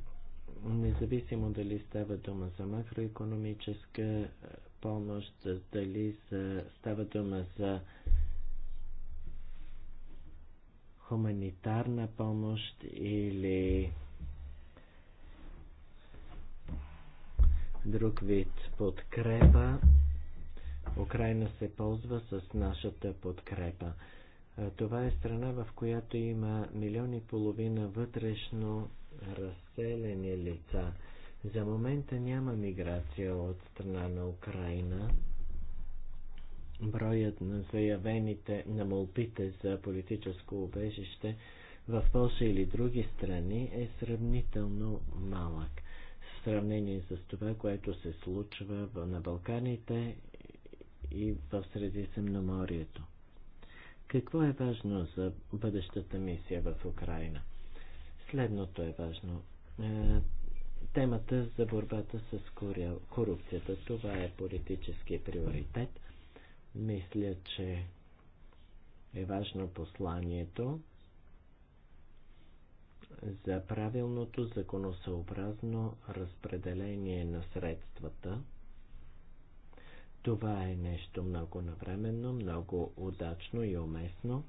независимо дали става дума за макроекономическа е, помощ, дали за, става дума за хуманитарна помощ или друг вид подкрепа. Украина се ползва с нашата подкрепа. Е, това е страна, в която има милиони и половина вътрешно разселени лица. За момента няма миграция от страна на Украина. Броят на заявените на молбите за политическо убежище в Польша или други страни е сравнително малък в сравнение с това, което се случва на Балканите и в Средиземноморието. Какво е важно за бъдещата мисия в Украина? Следното е важно. Е, темата за борбата с корупцията. Това е политически приоритет. Мисля, че е важно посланието за правилното законосъобразно разпределение на средствата. Това е нещо много навременно, много удачно и уместно.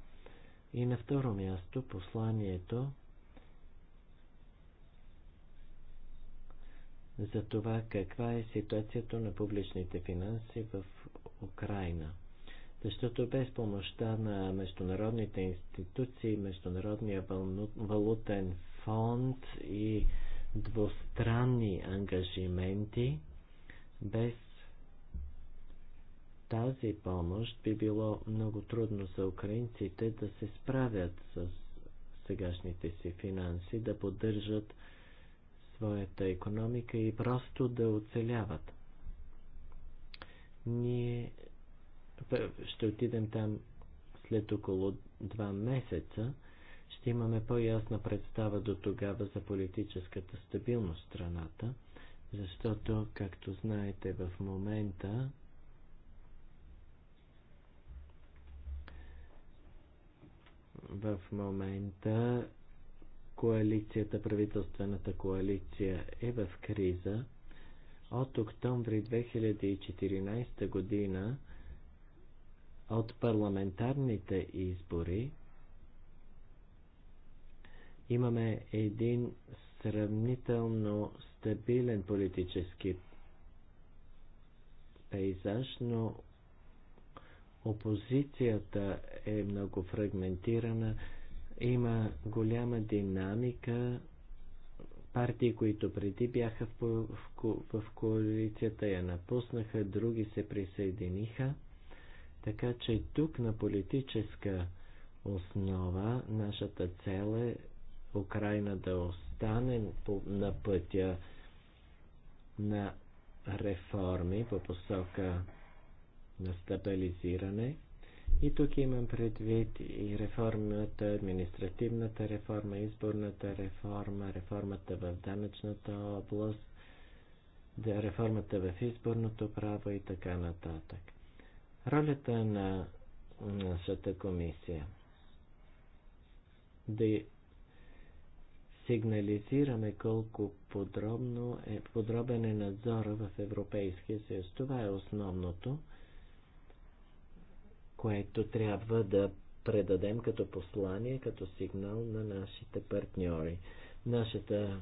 И на второ място посланието за това каква е ситуацията на публичните финанси в Украина. Защото без помощта на международните институции, Международния валутен фонд и двустранни ангажименти, без тази помощ би било много трудно за украинците да се справят с сегашните си финанси, да поддържат своята економика и просто да оцеляват. Ние ще отидем там след около два месеца. Ще имаме по-ясна представа до тогава за политическата стабилност в страната, защото, както знаете, в момента в момента коалицията, правителствената коалиция е в криза. От октомври 2014 година от парламентарните избори имаме един сравнително стабилен политически пейзаж, но опозицията е много фрагментирана има голяма динамика. Партии, които преди бяха в, в, в коалицията, я напуснаха, други се присъединиха. Така че тук на политическа основа нашата цел е Украина да остане на пътя на реформи по посока на стабилизиране и тук имам предвид и реформата, административната реформа, изборната реформа, реформата в данъчната област, реформата в изборното право и така нататък. Ролята на нашата комисия да сигнализираме колко подробно е, подробен е надзора в Европейския съюз. Това е основното – което трябва да предадем като послание, като сигнал на нашите партньори. Нашата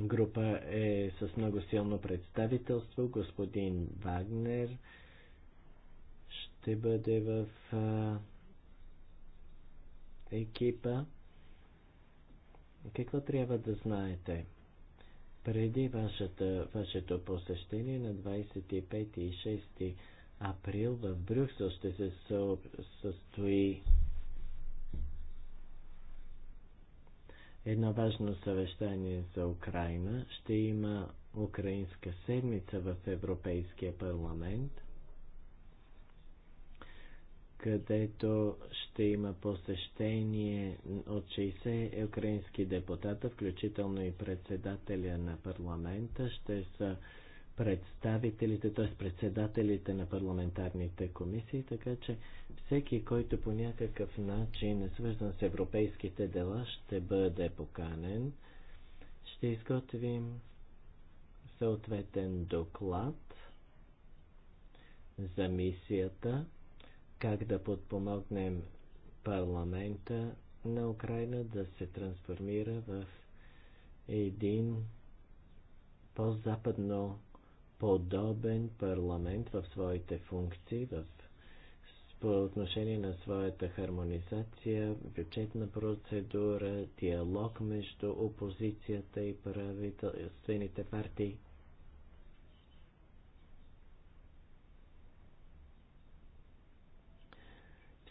група е с много силно представителство. Господин Вагнер ще бъде в а, екипа. Какво трябва да знаете? преди вашата, вашето посещение на 25 и 6 април в Брюксел ще се състои едно важно съвещание за Украина. Ще има Украинска седмица в Европейския парламент където ще има посещение от 60 украински депутата, включително и председателя на парламента. Ще са представителите, т.е. председателите на парламентарните комисии, така че всеки, който по някакъв начин е свързан с европейските дела, ще бъде поканен. Ще изготвим съответен доклад за мисията как да подпомогнем парламента на Украина да се трансформира в един по-западно подобен парламент в своите функции, в по отношение на своята хармонизация, бюджетна процедура, диалог между опозицията и правителствените партии.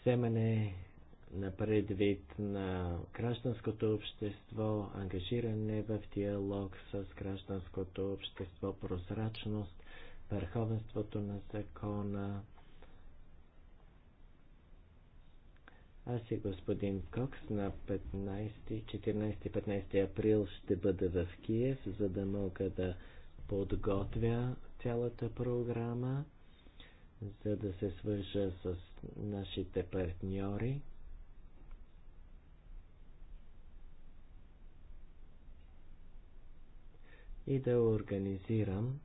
вземане на предвид на гражданското общество, ангажиране в диалог с гражданското общество, прозрачност, върховенството на закона. Аз и господин Кокс на 14-15 април ще бъда в Киев, за да мога да подготвя цялата програма за да се свържа с нашите партньори. и да организирам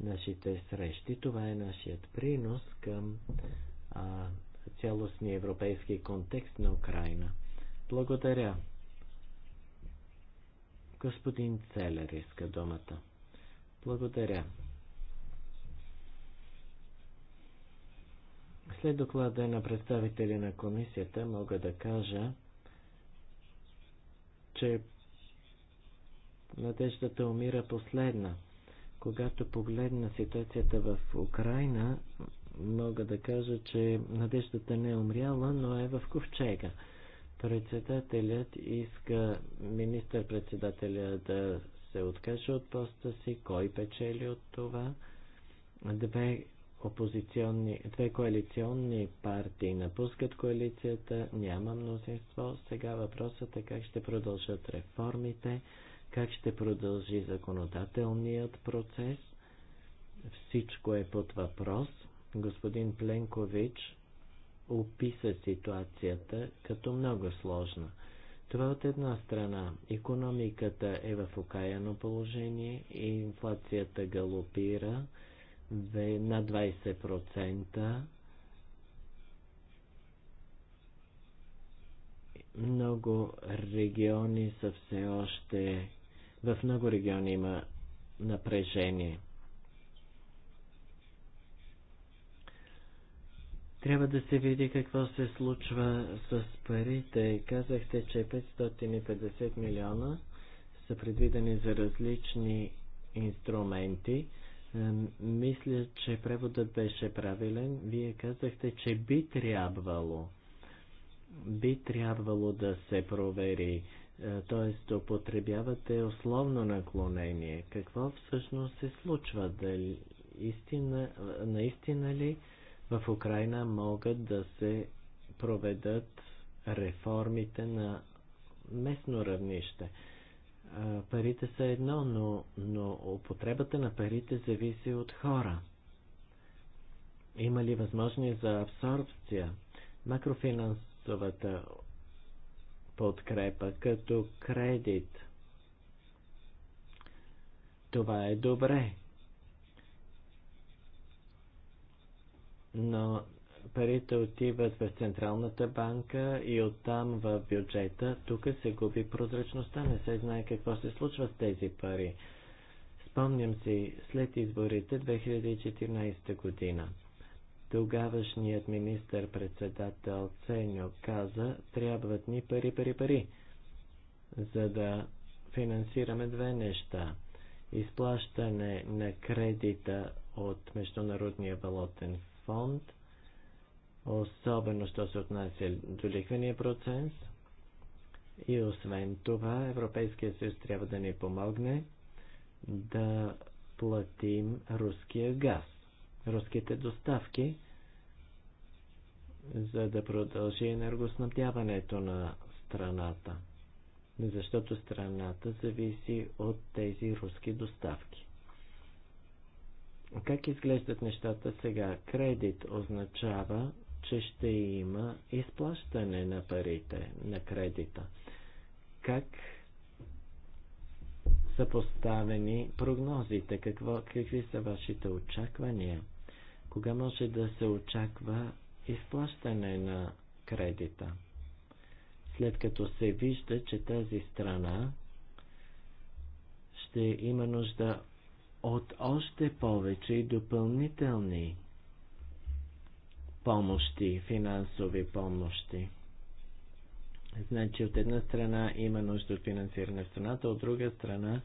нашите срещи. Това е нашият принос към а, цялостния европейски контекст на Украина. Благодаря. Господин Целер иска думата. Благодаря. След доклада на представители на комисията мога да кажа, че надеждата умира последна. Когато погледна ситуацията в Украина, мога да кажа, че надеждата не е умряла, но е в ковчега. Председателят иска министър-председателя да се откаже от поста си, кой печели от това. Две опозиционни, две коалиционни партии напускат коалицията, няма мнозинство. Сега въпросът е как ще продължат реформите, как ще продължи законодателният процес. Всичко е под въпрос. Господин Пленкович описа ситуацията като много сложна. Това от една страна. Економиката е в окаяно положение, инфлацията галопира, на 20%. Много региони са все още. В много региони има напрежение. Трябва да се види какво се случва с парите. Казахте, че 550 милиона са предвидени за различни инструменти. Мисля, че преводът беше правилен. Вие казахте, че би трябвало. Би трябвало да се провери. Т.е. употребявате условно наклонение. Какво всъщност се случва? Дали, истина, наистина ли в Украина могат да се проведат реформите на местно равнище? парите са едно, но, но употребата на парите зависи от хора. Има ли възможни за абсорбция? Макрофинансовата подкрепа като кредит. Това е добре. Но парите отиват в Централната банка и оттам в бюджета. Тук се губи прозрачността, не се знае какво се случва с тези пари. Спомням си след изборите 2014 година. Тогавашният министър-председател Ценьо каза, трябват ни пари, пари, пари, за да финансираме две неща. Изплащане на кредита от Международния валутен фонд особено що се отнася до лихвения процес. И освен това, Европейския съюз трябва да ни помогне да платим руския газ, руските доставки, за да продължи енергоснабдяването на страната, защото страната зависи от тези руски доставки. Как изглеждат нещата сега? Кредит означава че ще има изплащане на парите, на кредита. Как са поставени прогнозите? Какво, какви са вашите очаквания? Кога може да се очаква изплащане на кредита? След като се вижда, че тази страна ще има нужда от още повече и допълнителни помощи, финансови помощи. Значи от една страна има нужда от финансиране в страната, от друга страна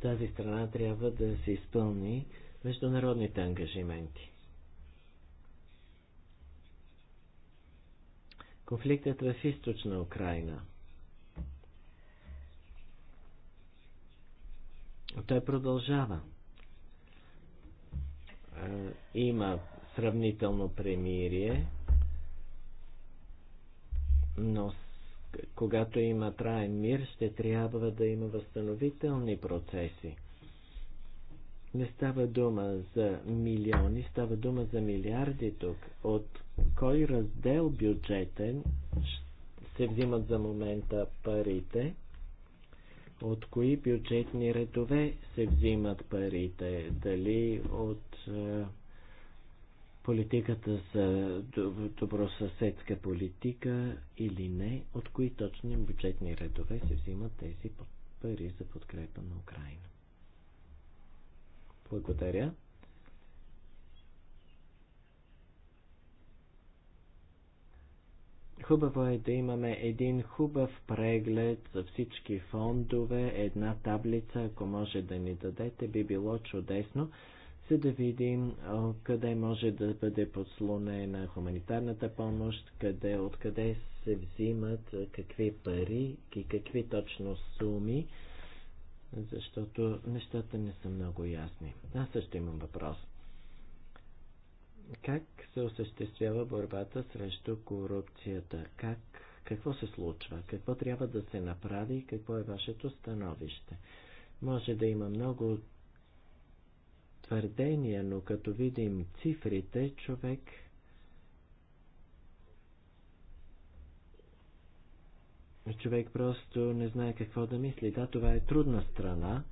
тази страна трябва да се изпълни международните ангажименти. Конфликтът в източна Украина. Той продължава. Е, има сравнително премирие, но когато има траен мир, ще трябва да има възстановителни процеси. Не става дума за милиони, става дума за милиарди тук. От кой раздел бюджетен се взимат за момента парите? От кои бюджетни редове се взимат парите? Дали от е, политиката за добросъседска политика или не, от кои точни бюджетни редове се взимат тези пари за подкрепа на Украина. Благодаря. Хубаво е да имаме един хубав преглед за всички фондове, една таблица, ако може да ни дадете, би било чудесно за да видим къде може да бъде подслонена хуманитарната помощ, къде, откъде се взимат какви пари и какви точно суми, защото нещата не са много ясни. Аз също имам въпрос. Как се осъществява борбата срещу корупцията? Как, какво се случва? Какво трябва да се направи? Какво е вашето становище? Може да има много твърдения, но като видим цифрите, човек човек просто не знае какво да мисли. Да, това е трудна страна,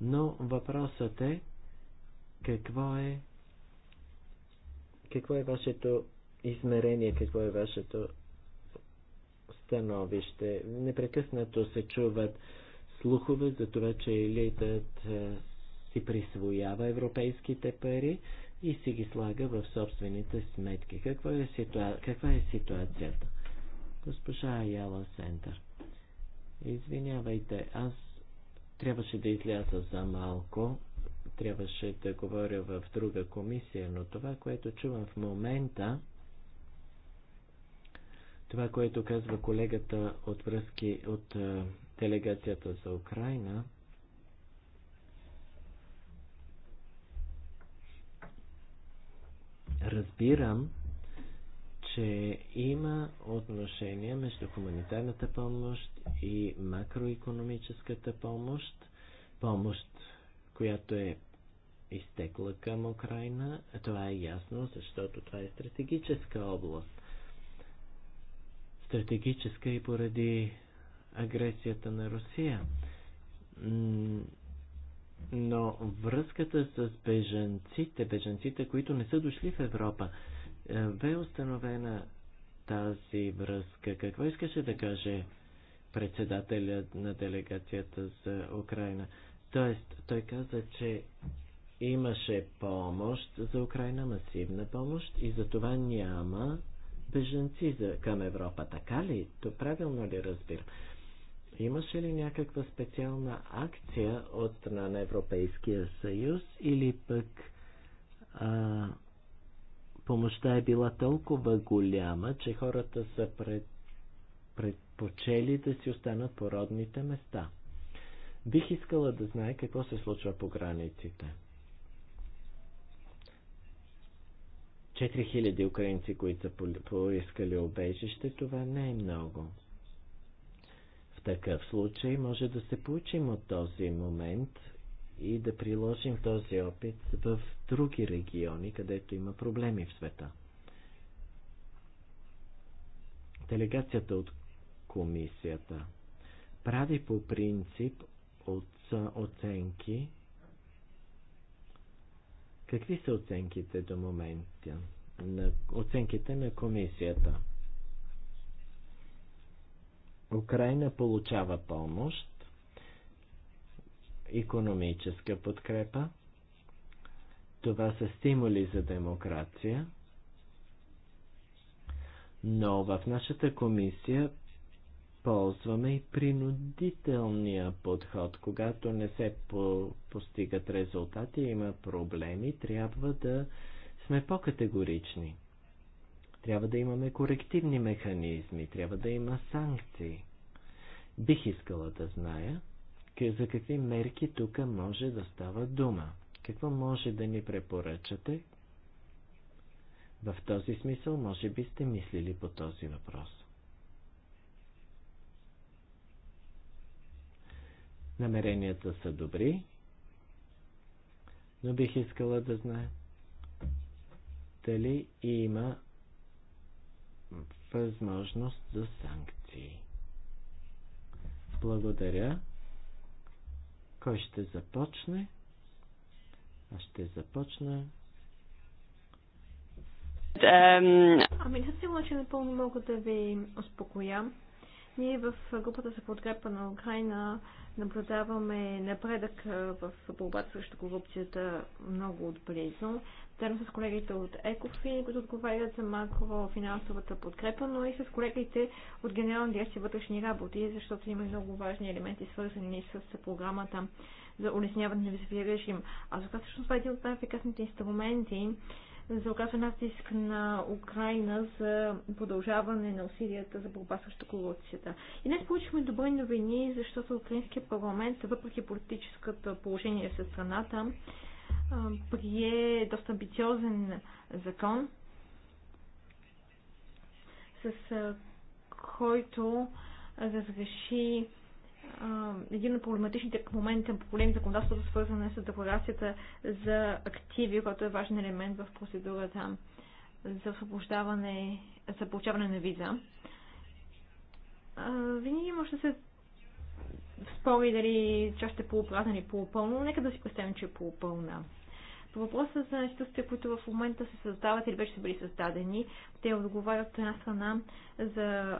но въпросът е какво е какво е вашето измерение, какво е вашето становище. Непрекъснато се чуват слухове за това, че елитът е, си присвоява европейските пари и си ги слага в собствените сметки. Каква е, ситуа... Каква е ситуацията? Госпожа Аяла Сентър. Извинявайте, аз трябваше да изляза за малко. Трябваше да говоря в друга комисия, но това, което чувам в момента, това, което казва колегата от връзки от делегацията за Украина, Разбирам, че има отношения между хуманитарната помощ и макроекономическата помощ. Помощ, която е изтекла към Украина. Това е ясно, защото това е стратегическа област. Стратегическа и поради агресията на Русия но връзката с бежанците, бежанците, които не са дошли в Европа, е, бе установена тази връзка. Какво искаше да каже председателят на делегацията за Украина? Тоест, той каза, че имаше помощ за Украина, масивна помощ и за това няма беженци за, към Европа. Така ли? То правилно ли разбирам? Имаше ли някаква специална акция от на Европейския съюз или пък а, помощта е била толкова голяма, че хората са пред, предпочели да си останат по родните места? Бих искала да знае какво се случва по границите. 4000 украинци, които са поискали обежище, това не е много такъв случай може да се получим от този момент и да приложим този опит в други региони, където има проблеми в света. Делегацията от комисията прави по принцип от оценки. Какви са оценките до момента? На оценките на комисията. Украина получава помощ, економическа подкрепа. Това са стимули за демокрация. Но в нашата комисия ползваме и принудителния подход. Когато не се по- постигат резултати, има проблеми, трябва да сме по-категорични. Трябва да имаме корективни механизми, трябва да има санкции. Бих искала да зная за какви мерки тук може да става дума. Какво може да ни препоръчате? В този смисъл, може би сте мислили по този въпрос. Намеренията са добри, но бих искала да знае дали има възможност за санкции. Благодаря. Кой ще започне? Аз ще започна. Ами, със сигурност, че напълно мога да ви успокоя. Ние в групата за подкрепа на Украина Наблюдаваме напредък в борбата срещу корупцията много отблизо. Заедно с колегите от ЕКОФИ, които отговарят за макрофинансовата подкрепа, но и с колегите от Генерална дирекция вътрешни работи, защото има много важни елементи, свързани с програмата за улесняване на визовия режим. А за това всъщност това е един от най-ефикасните инструменти за оказване натиск на Украина за продължаване на усилията за борба срещу корупцията. И днес получихме добри новини, защото Украинския парламент, въпреки политическото положение със страната, прие доста амбициозен закон, с който разреши един от проблематичните към по големи законодателството, свързане с декларацията за активи, който е важен елемент в процедурата за освобождаване, за получаване на виза. Винаги може да се спори дали част е полупразна или полупълна, но нека да си представим, че е полупълна. По въпроса за институциите, които в момента се създават или вече са били създадени, те отговарят от една страна за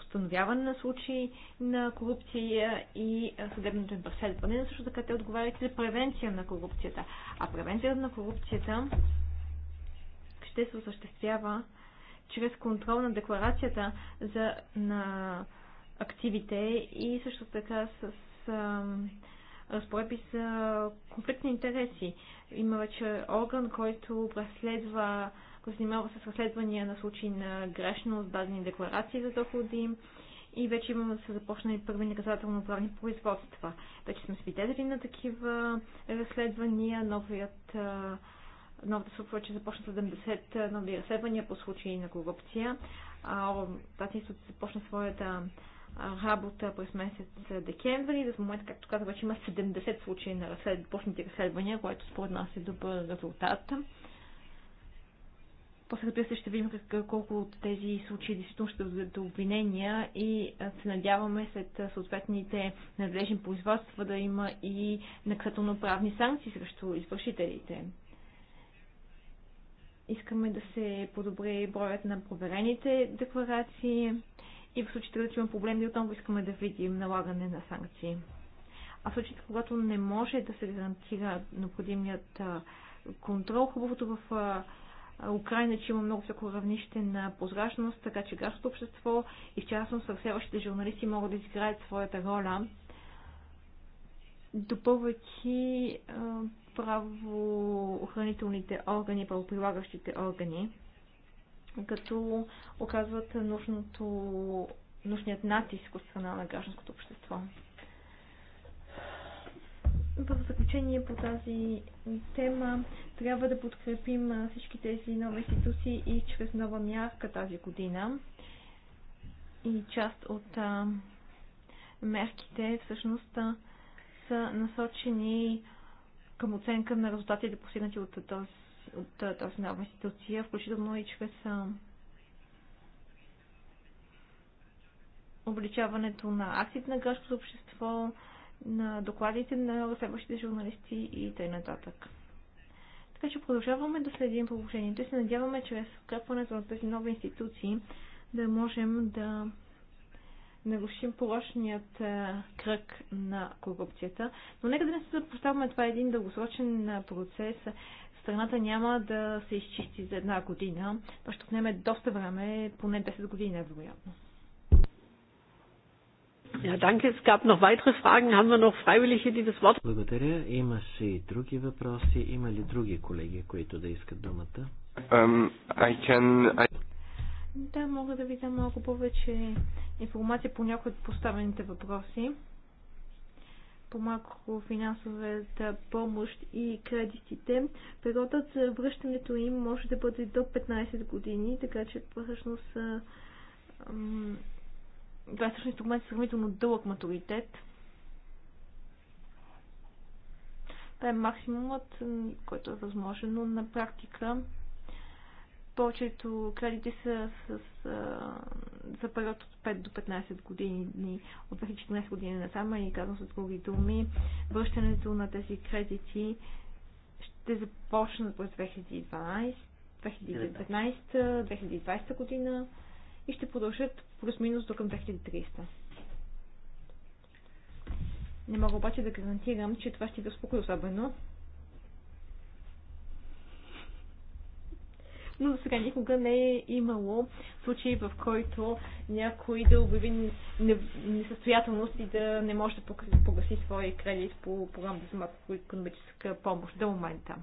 установяване на случаи на корупция и съдебното им преследване, но също така те отговарят и за превенция на корупцията. А превенцията на корупцията ще се осъществява чрез контрол на декларацията за, на активите и също така с с разпоредби за конфликтни интереси. Има вече орган, който преследва който се занимава с разследвания на случаи на грешно дадени декларации за доходи и вече имаме да се започнали първи наказателно-правни производства. Вече сме свидетели на такива разследвания. Новият новата случва, че започна 70 нови разследвания по случаи на корупция. а Тази институция започна своята работа през месец декември. В момента, както казах, вече има 70 случаи на разслед... почнати разследвания, което според нас е добър резултат. После, разбира се, ще видим как, колко от тези случаи действително ще бъдат обвинения и се надяваме след съответните надлежни производства да има и наказателно-правни санкции срещу извършителите. Искаме да се подобри броят на проверените декларации и в случаите, да има проблеми, отново искаме да видим налагане на санкции. А в случаите, когато не може да се гарантира необходимият контрол, хубавото в Украина, че има много всяко равнище на прозрачност, така че гражданското общество и в частност съвсеващите журналисти могат да изиграят своята роля, допълвайки правоохранителните органи, правоприлагащите органи, като оказват нужното, нужният натиск от страна на гражданското общество в заключение по тази тема трябва да подкрепим всички тези нови институции и чрез нова мярка тази година. И част от а, мерките всъщност са насочени към оценка на резултатите постигнати от този, от тази нова институция, включително и чрез а, обличаването на акциите на гражданското общество, на докладите на следващите журналисти и т.н. Така че продължаваме да следим положението и се надяваме чрез укрепването на тези нови институции да можем да нарушим порочният е, кръг на корупцията. Но нека да не се запоставяме, това е един дългосрочен е, процес. Страната няма да се изчисти за една година. Това ще отнеме доста време, поне 10 години, вероятно. Ja, danke. Es gab noch weitere Fragen. Haben wir noch Freiwillige, die das Wort... Благодаря. Имаше и други въпроси. Има ли други колеги, които да искат думата? Um, I can, I... Да, мога да ви дам малко повече информация по някои от поставените въпроси. По макрофинансовата помощ и кредитите. Периодът за връщането им може да бъде до 15 години, така че всъщност това е всъщност документ с сравнително дълъг матуритет. Това е максимумът, който е възможен, но на практика повечето кредити са с, с, за период от 5 до 15 години, от 2014 години насам и казвам с други думи, връщането на тези кредити ще започнат през 2012, 2019, 2020 година и ще продължат плюс-минус до към 2300. Не мога обаче да гарантирам, че това ще ви успокои особено. Но до сега никога не е имало случаи, в който някой да обяви несъстоятелност и да не може да погаси своя кредит по програмата за макроекономическа помощ до момента.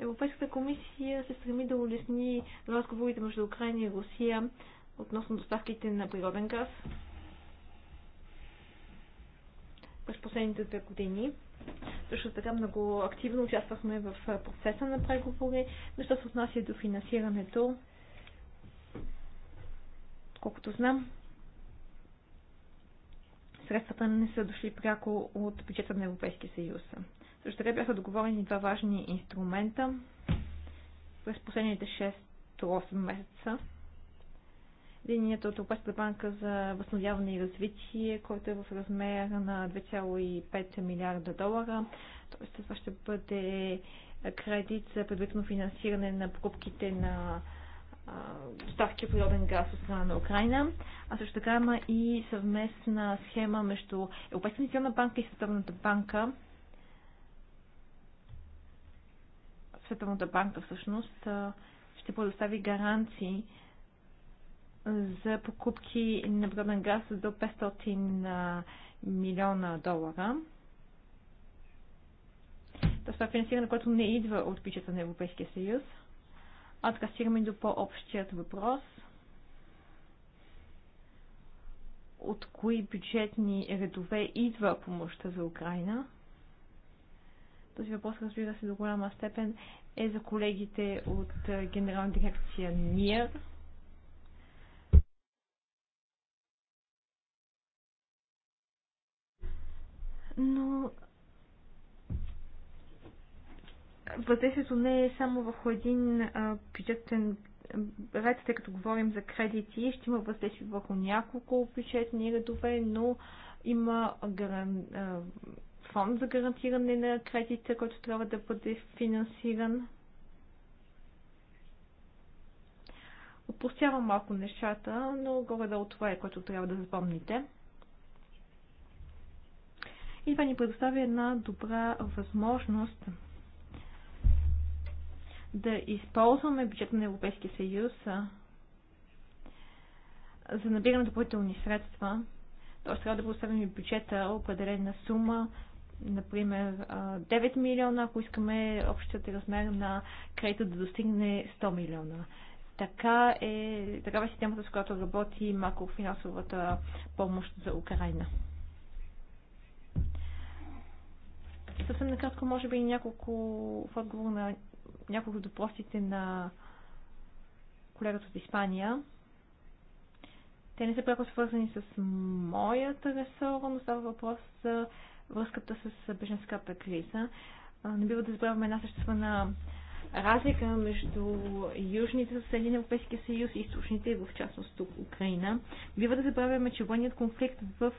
Европейската комисия се стреми да улесни разговорите между Украина и Русия относно доставките на природен газ през последните две години. Също така много активно участвахме в процеса на преговори, но що се отнася до финансирането, колкото знам, средствата не са дошли пряко от бюджета на Европейския съюз. Също така бяха договорени два важни инструмента през последните 6-8 месеца. Единият от Европейската банка за възстановяване и развитие, който е в размер на 2,5 милиарда долара. Тоест това ще бъде кредит за предварително финансиране на покупките на доставки природен газ от страна на Украина, а също така има и съвместна схема между Европейската инвестиционна банка и Световната банка Световната банка всъщност ще предостави гаранции за покупки на природен газ до 500 милиона долара. Това е финансиране, което не идва от бюджета на Европейския съюз. А така стигаме до по-общият въпрос. От кои бюджетни редове идва помощта за Украина? Този въпрос, разбира се, до голяма степен е за колегите от Генерална дирекция НИР. Но въздействието не е само върху един бюджетен ред, тъй като говорим за кредити, ще има въздействие върху няколко бюджетни редове, но има гаран фонд за гарантиране на кредита, който трябва да бъде финансиран. Опустявам малко нещата, но горе-долу това е, което трябва да запомните. И това ни предоставя една добра възможност да използваме бюджета на Европейския съюз за набиране на допълнителни средства. Тоест трябва да поставим и бюджета определена сума например, 9 милиона, ако искаме общият размер на кредита да достигне 100 милиона. Така е, такава е системата, с която работи макрофинансовата помощ за Украина. Съвсем накратко, може би, и няколко в отговор на няколко допросите на колегата от Испания. Те не са пряко свързани с моята ресора, но става въпрос за връзката с беженската криза. Не бива да забравяме една съществена разлика между южните съседи на Европейския съюз и източните, в частност тук Украина. Бива да забравяме, че военният конфликт в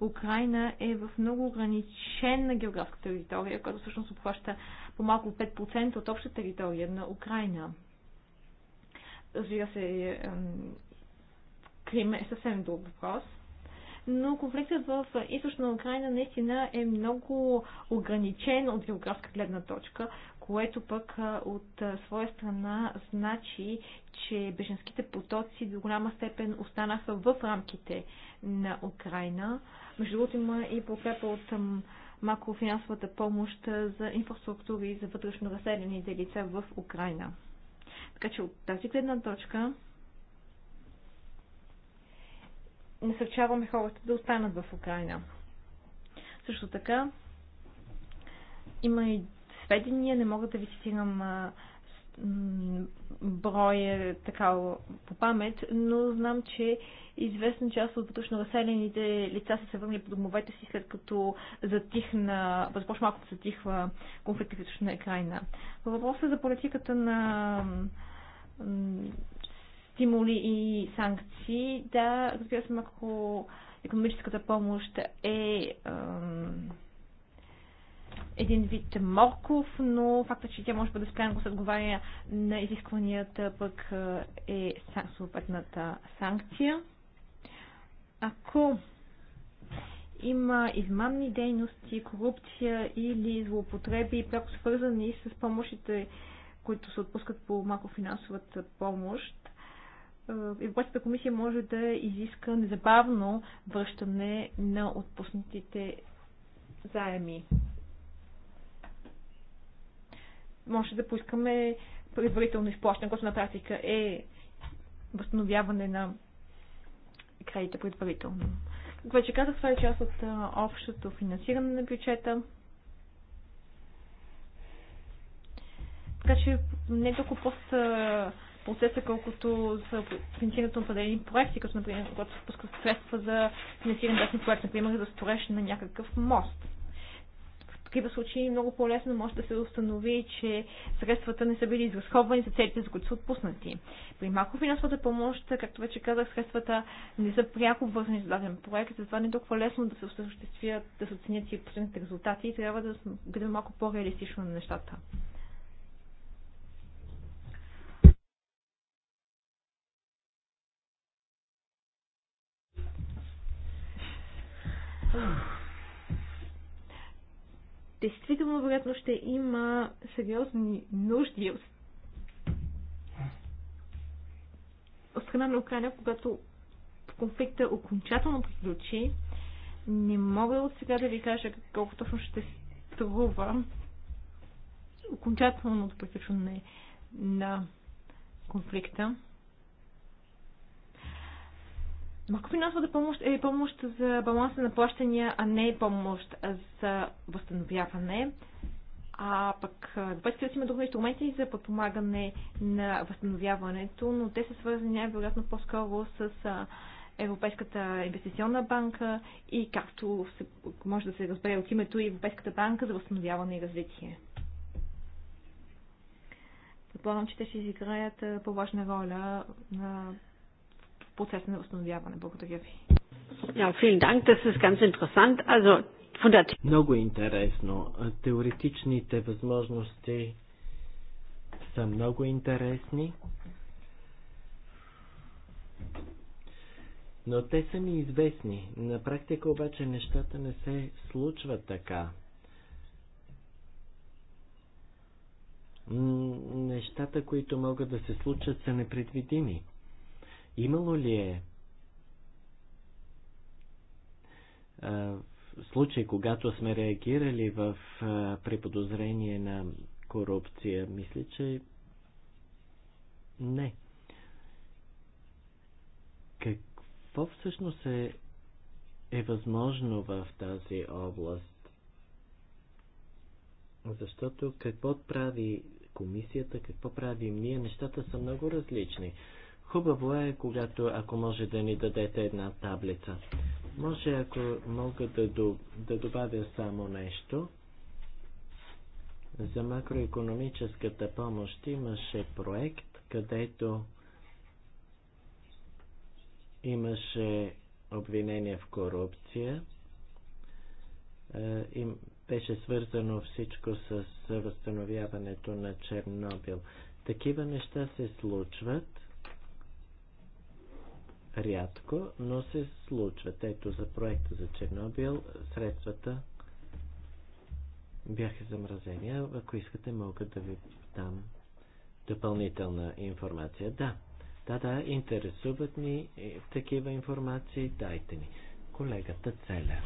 Украина е в много ограничена географска територия, която всъщност обхваща по-малко 5% от общата територия на Украина. Разбира се, Крим е съвсем друг въпрос но конфликтът в източна Украина наистина е много ограничен от географска гледна точка, което пък от своя страна значи, че беженските потоци до голяма степен останаха в рамките на Украина. Между другото има и подкрепа от макрофинансовата помощ за инфраструктури за вътрешно разселените лица в Украина. Така че от тази гледна точка насърчаваме хората да останат в Украина. Също така, има и сведения, не мога да ви стигам броя така по памет, но знам, че известна част от вътрешно населените лица са се върнали по домовете си, след като затихна, възможно малко да затихва конфликтът в източна Украина. Въпросът е за политиката на стимули и санкции. Да, разбира се, ако економическата помощ е един вид морков, но факта, че тя може да бъде спряна, ако се отговаря на изискванията, пък е съответната санкция. Ако има измамни дейности, корупция или злоупотреби, пряко свързани с помощите, които се отпускат по макрофинансовата помощ, е, Европейската комисия може да изиска незабавно връщане на отпуснатите заеми. Може да поискаме предварително изплащане, което на практика е възстановяване на кредита предварително. Както вече казах, това е част от общото финансиране на бюджета. Така че не толкова просто процеса, колкото за финансирането на определени проекти, като например, когато се пускат средства за финансиране на проект, например, за строеж на някакъв мост В такива случаи е много по-лесно може да се установи, че средствата не са били изразходвани за целите, за които са отпуснати. При малко финансовата помощ, както вече казах, средствата не са пряко вързани с даден проект, затова не е толкова лесно да се осъществят, да се оценят и последните резултати и трябва да гледаме малко по-реалистично на нещата. Действително, вероятно, ще има сериозни нужди от страна на Украина, когато конфликта окончателно приключи, не мога от сега да ви кажа колко точно ще струва окончателното приключване на конфликта. Макрофинансовата помощ е помощ за баланса на плащания, а не е помощ за възстановяване. А пък Европейския си има други инструменти за подпомагане на възстановяването, но те са свързани най-вероятно по-скоро с Европейската инвестиционна банка и както се, може да се разбере от името и Европейската банка за възстановяване и развитие. Предполагам, че те ще изиграят по-важна роля на процес на възстановяване. Благодаря ви. Ja, vielen Dank, das ist ganz interessant. Also, von der Много интересно. Теоретичните възможности са много интересни. Но те са ми известни. На практика обаче нещата не се случват така. Нещата, които могат да се случат, са непредвидими. Имало ли е случай, когато сме реагирали в преподозрение на корупция? Мисля, че не. Какво всъщност е, е възможно в тази област? Защото какво прави комисията, какво правим ние, нещата са много различни. Хубаво е, когато, ако може да ни дадете една таблица. Може, ако мога да, да добавя само нещо. За макроекономическата помощ имаше проект, където имаше обвинение в корупция. Е, и беше свързано всичко с възстановяването на Чернобил. Такива неща се случват рядко, но се случват. Ето за проекта за Чернобил средствата бяха замразени. Ако искате, мога да ви дам допълнителна информация. Да, да, да, интересуват ни такива информации, дайте ни. Колегата Целер.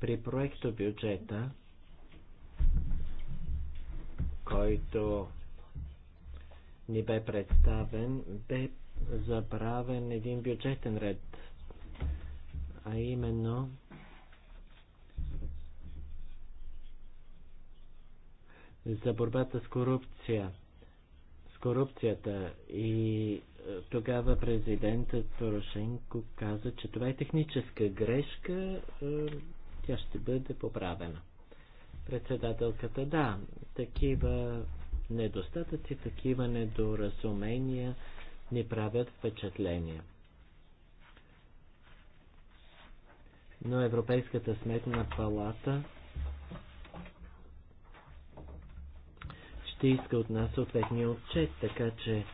При проекто бюджета който ни бе представен, бе забравен един бюджетен ред, а именно за борбата с корупция, с корупцията и е, тогава президентът Порошенко каза, че това е техническа грешка, е, тя ще бъде поправена. Председателката, да, такива недостатъци, такива недоразумения ни правят впечатление. Но Европейската сметна палата ще иска от нас съответния отчет, така че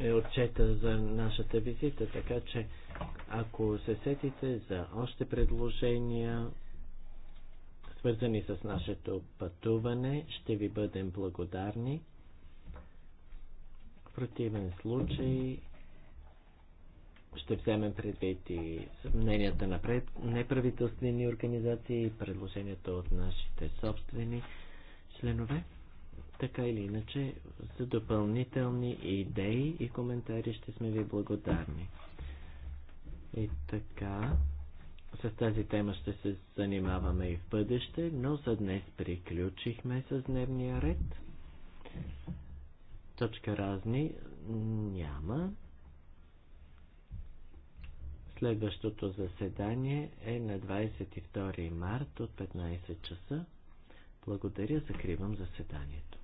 е отчета за нашата визита, така че ако се сетите за още предложения, свързани с нашето пътуване. Ще ви бъдем благодарни. В противен случай ще вземем предвид и мненията на пред... неправителствени организации и предложенията от нашите собствени членове. Така или иначе, за допълнителни идеи и коментари ще сме ви благодарни. И така. С тази тема ще се занимаваме и в бъдеще, но за днес приключихме с дневния ред. Точка разни няма. Следващото заседание е на 22 март от 15 часа. Благодаря, закривам заседанието.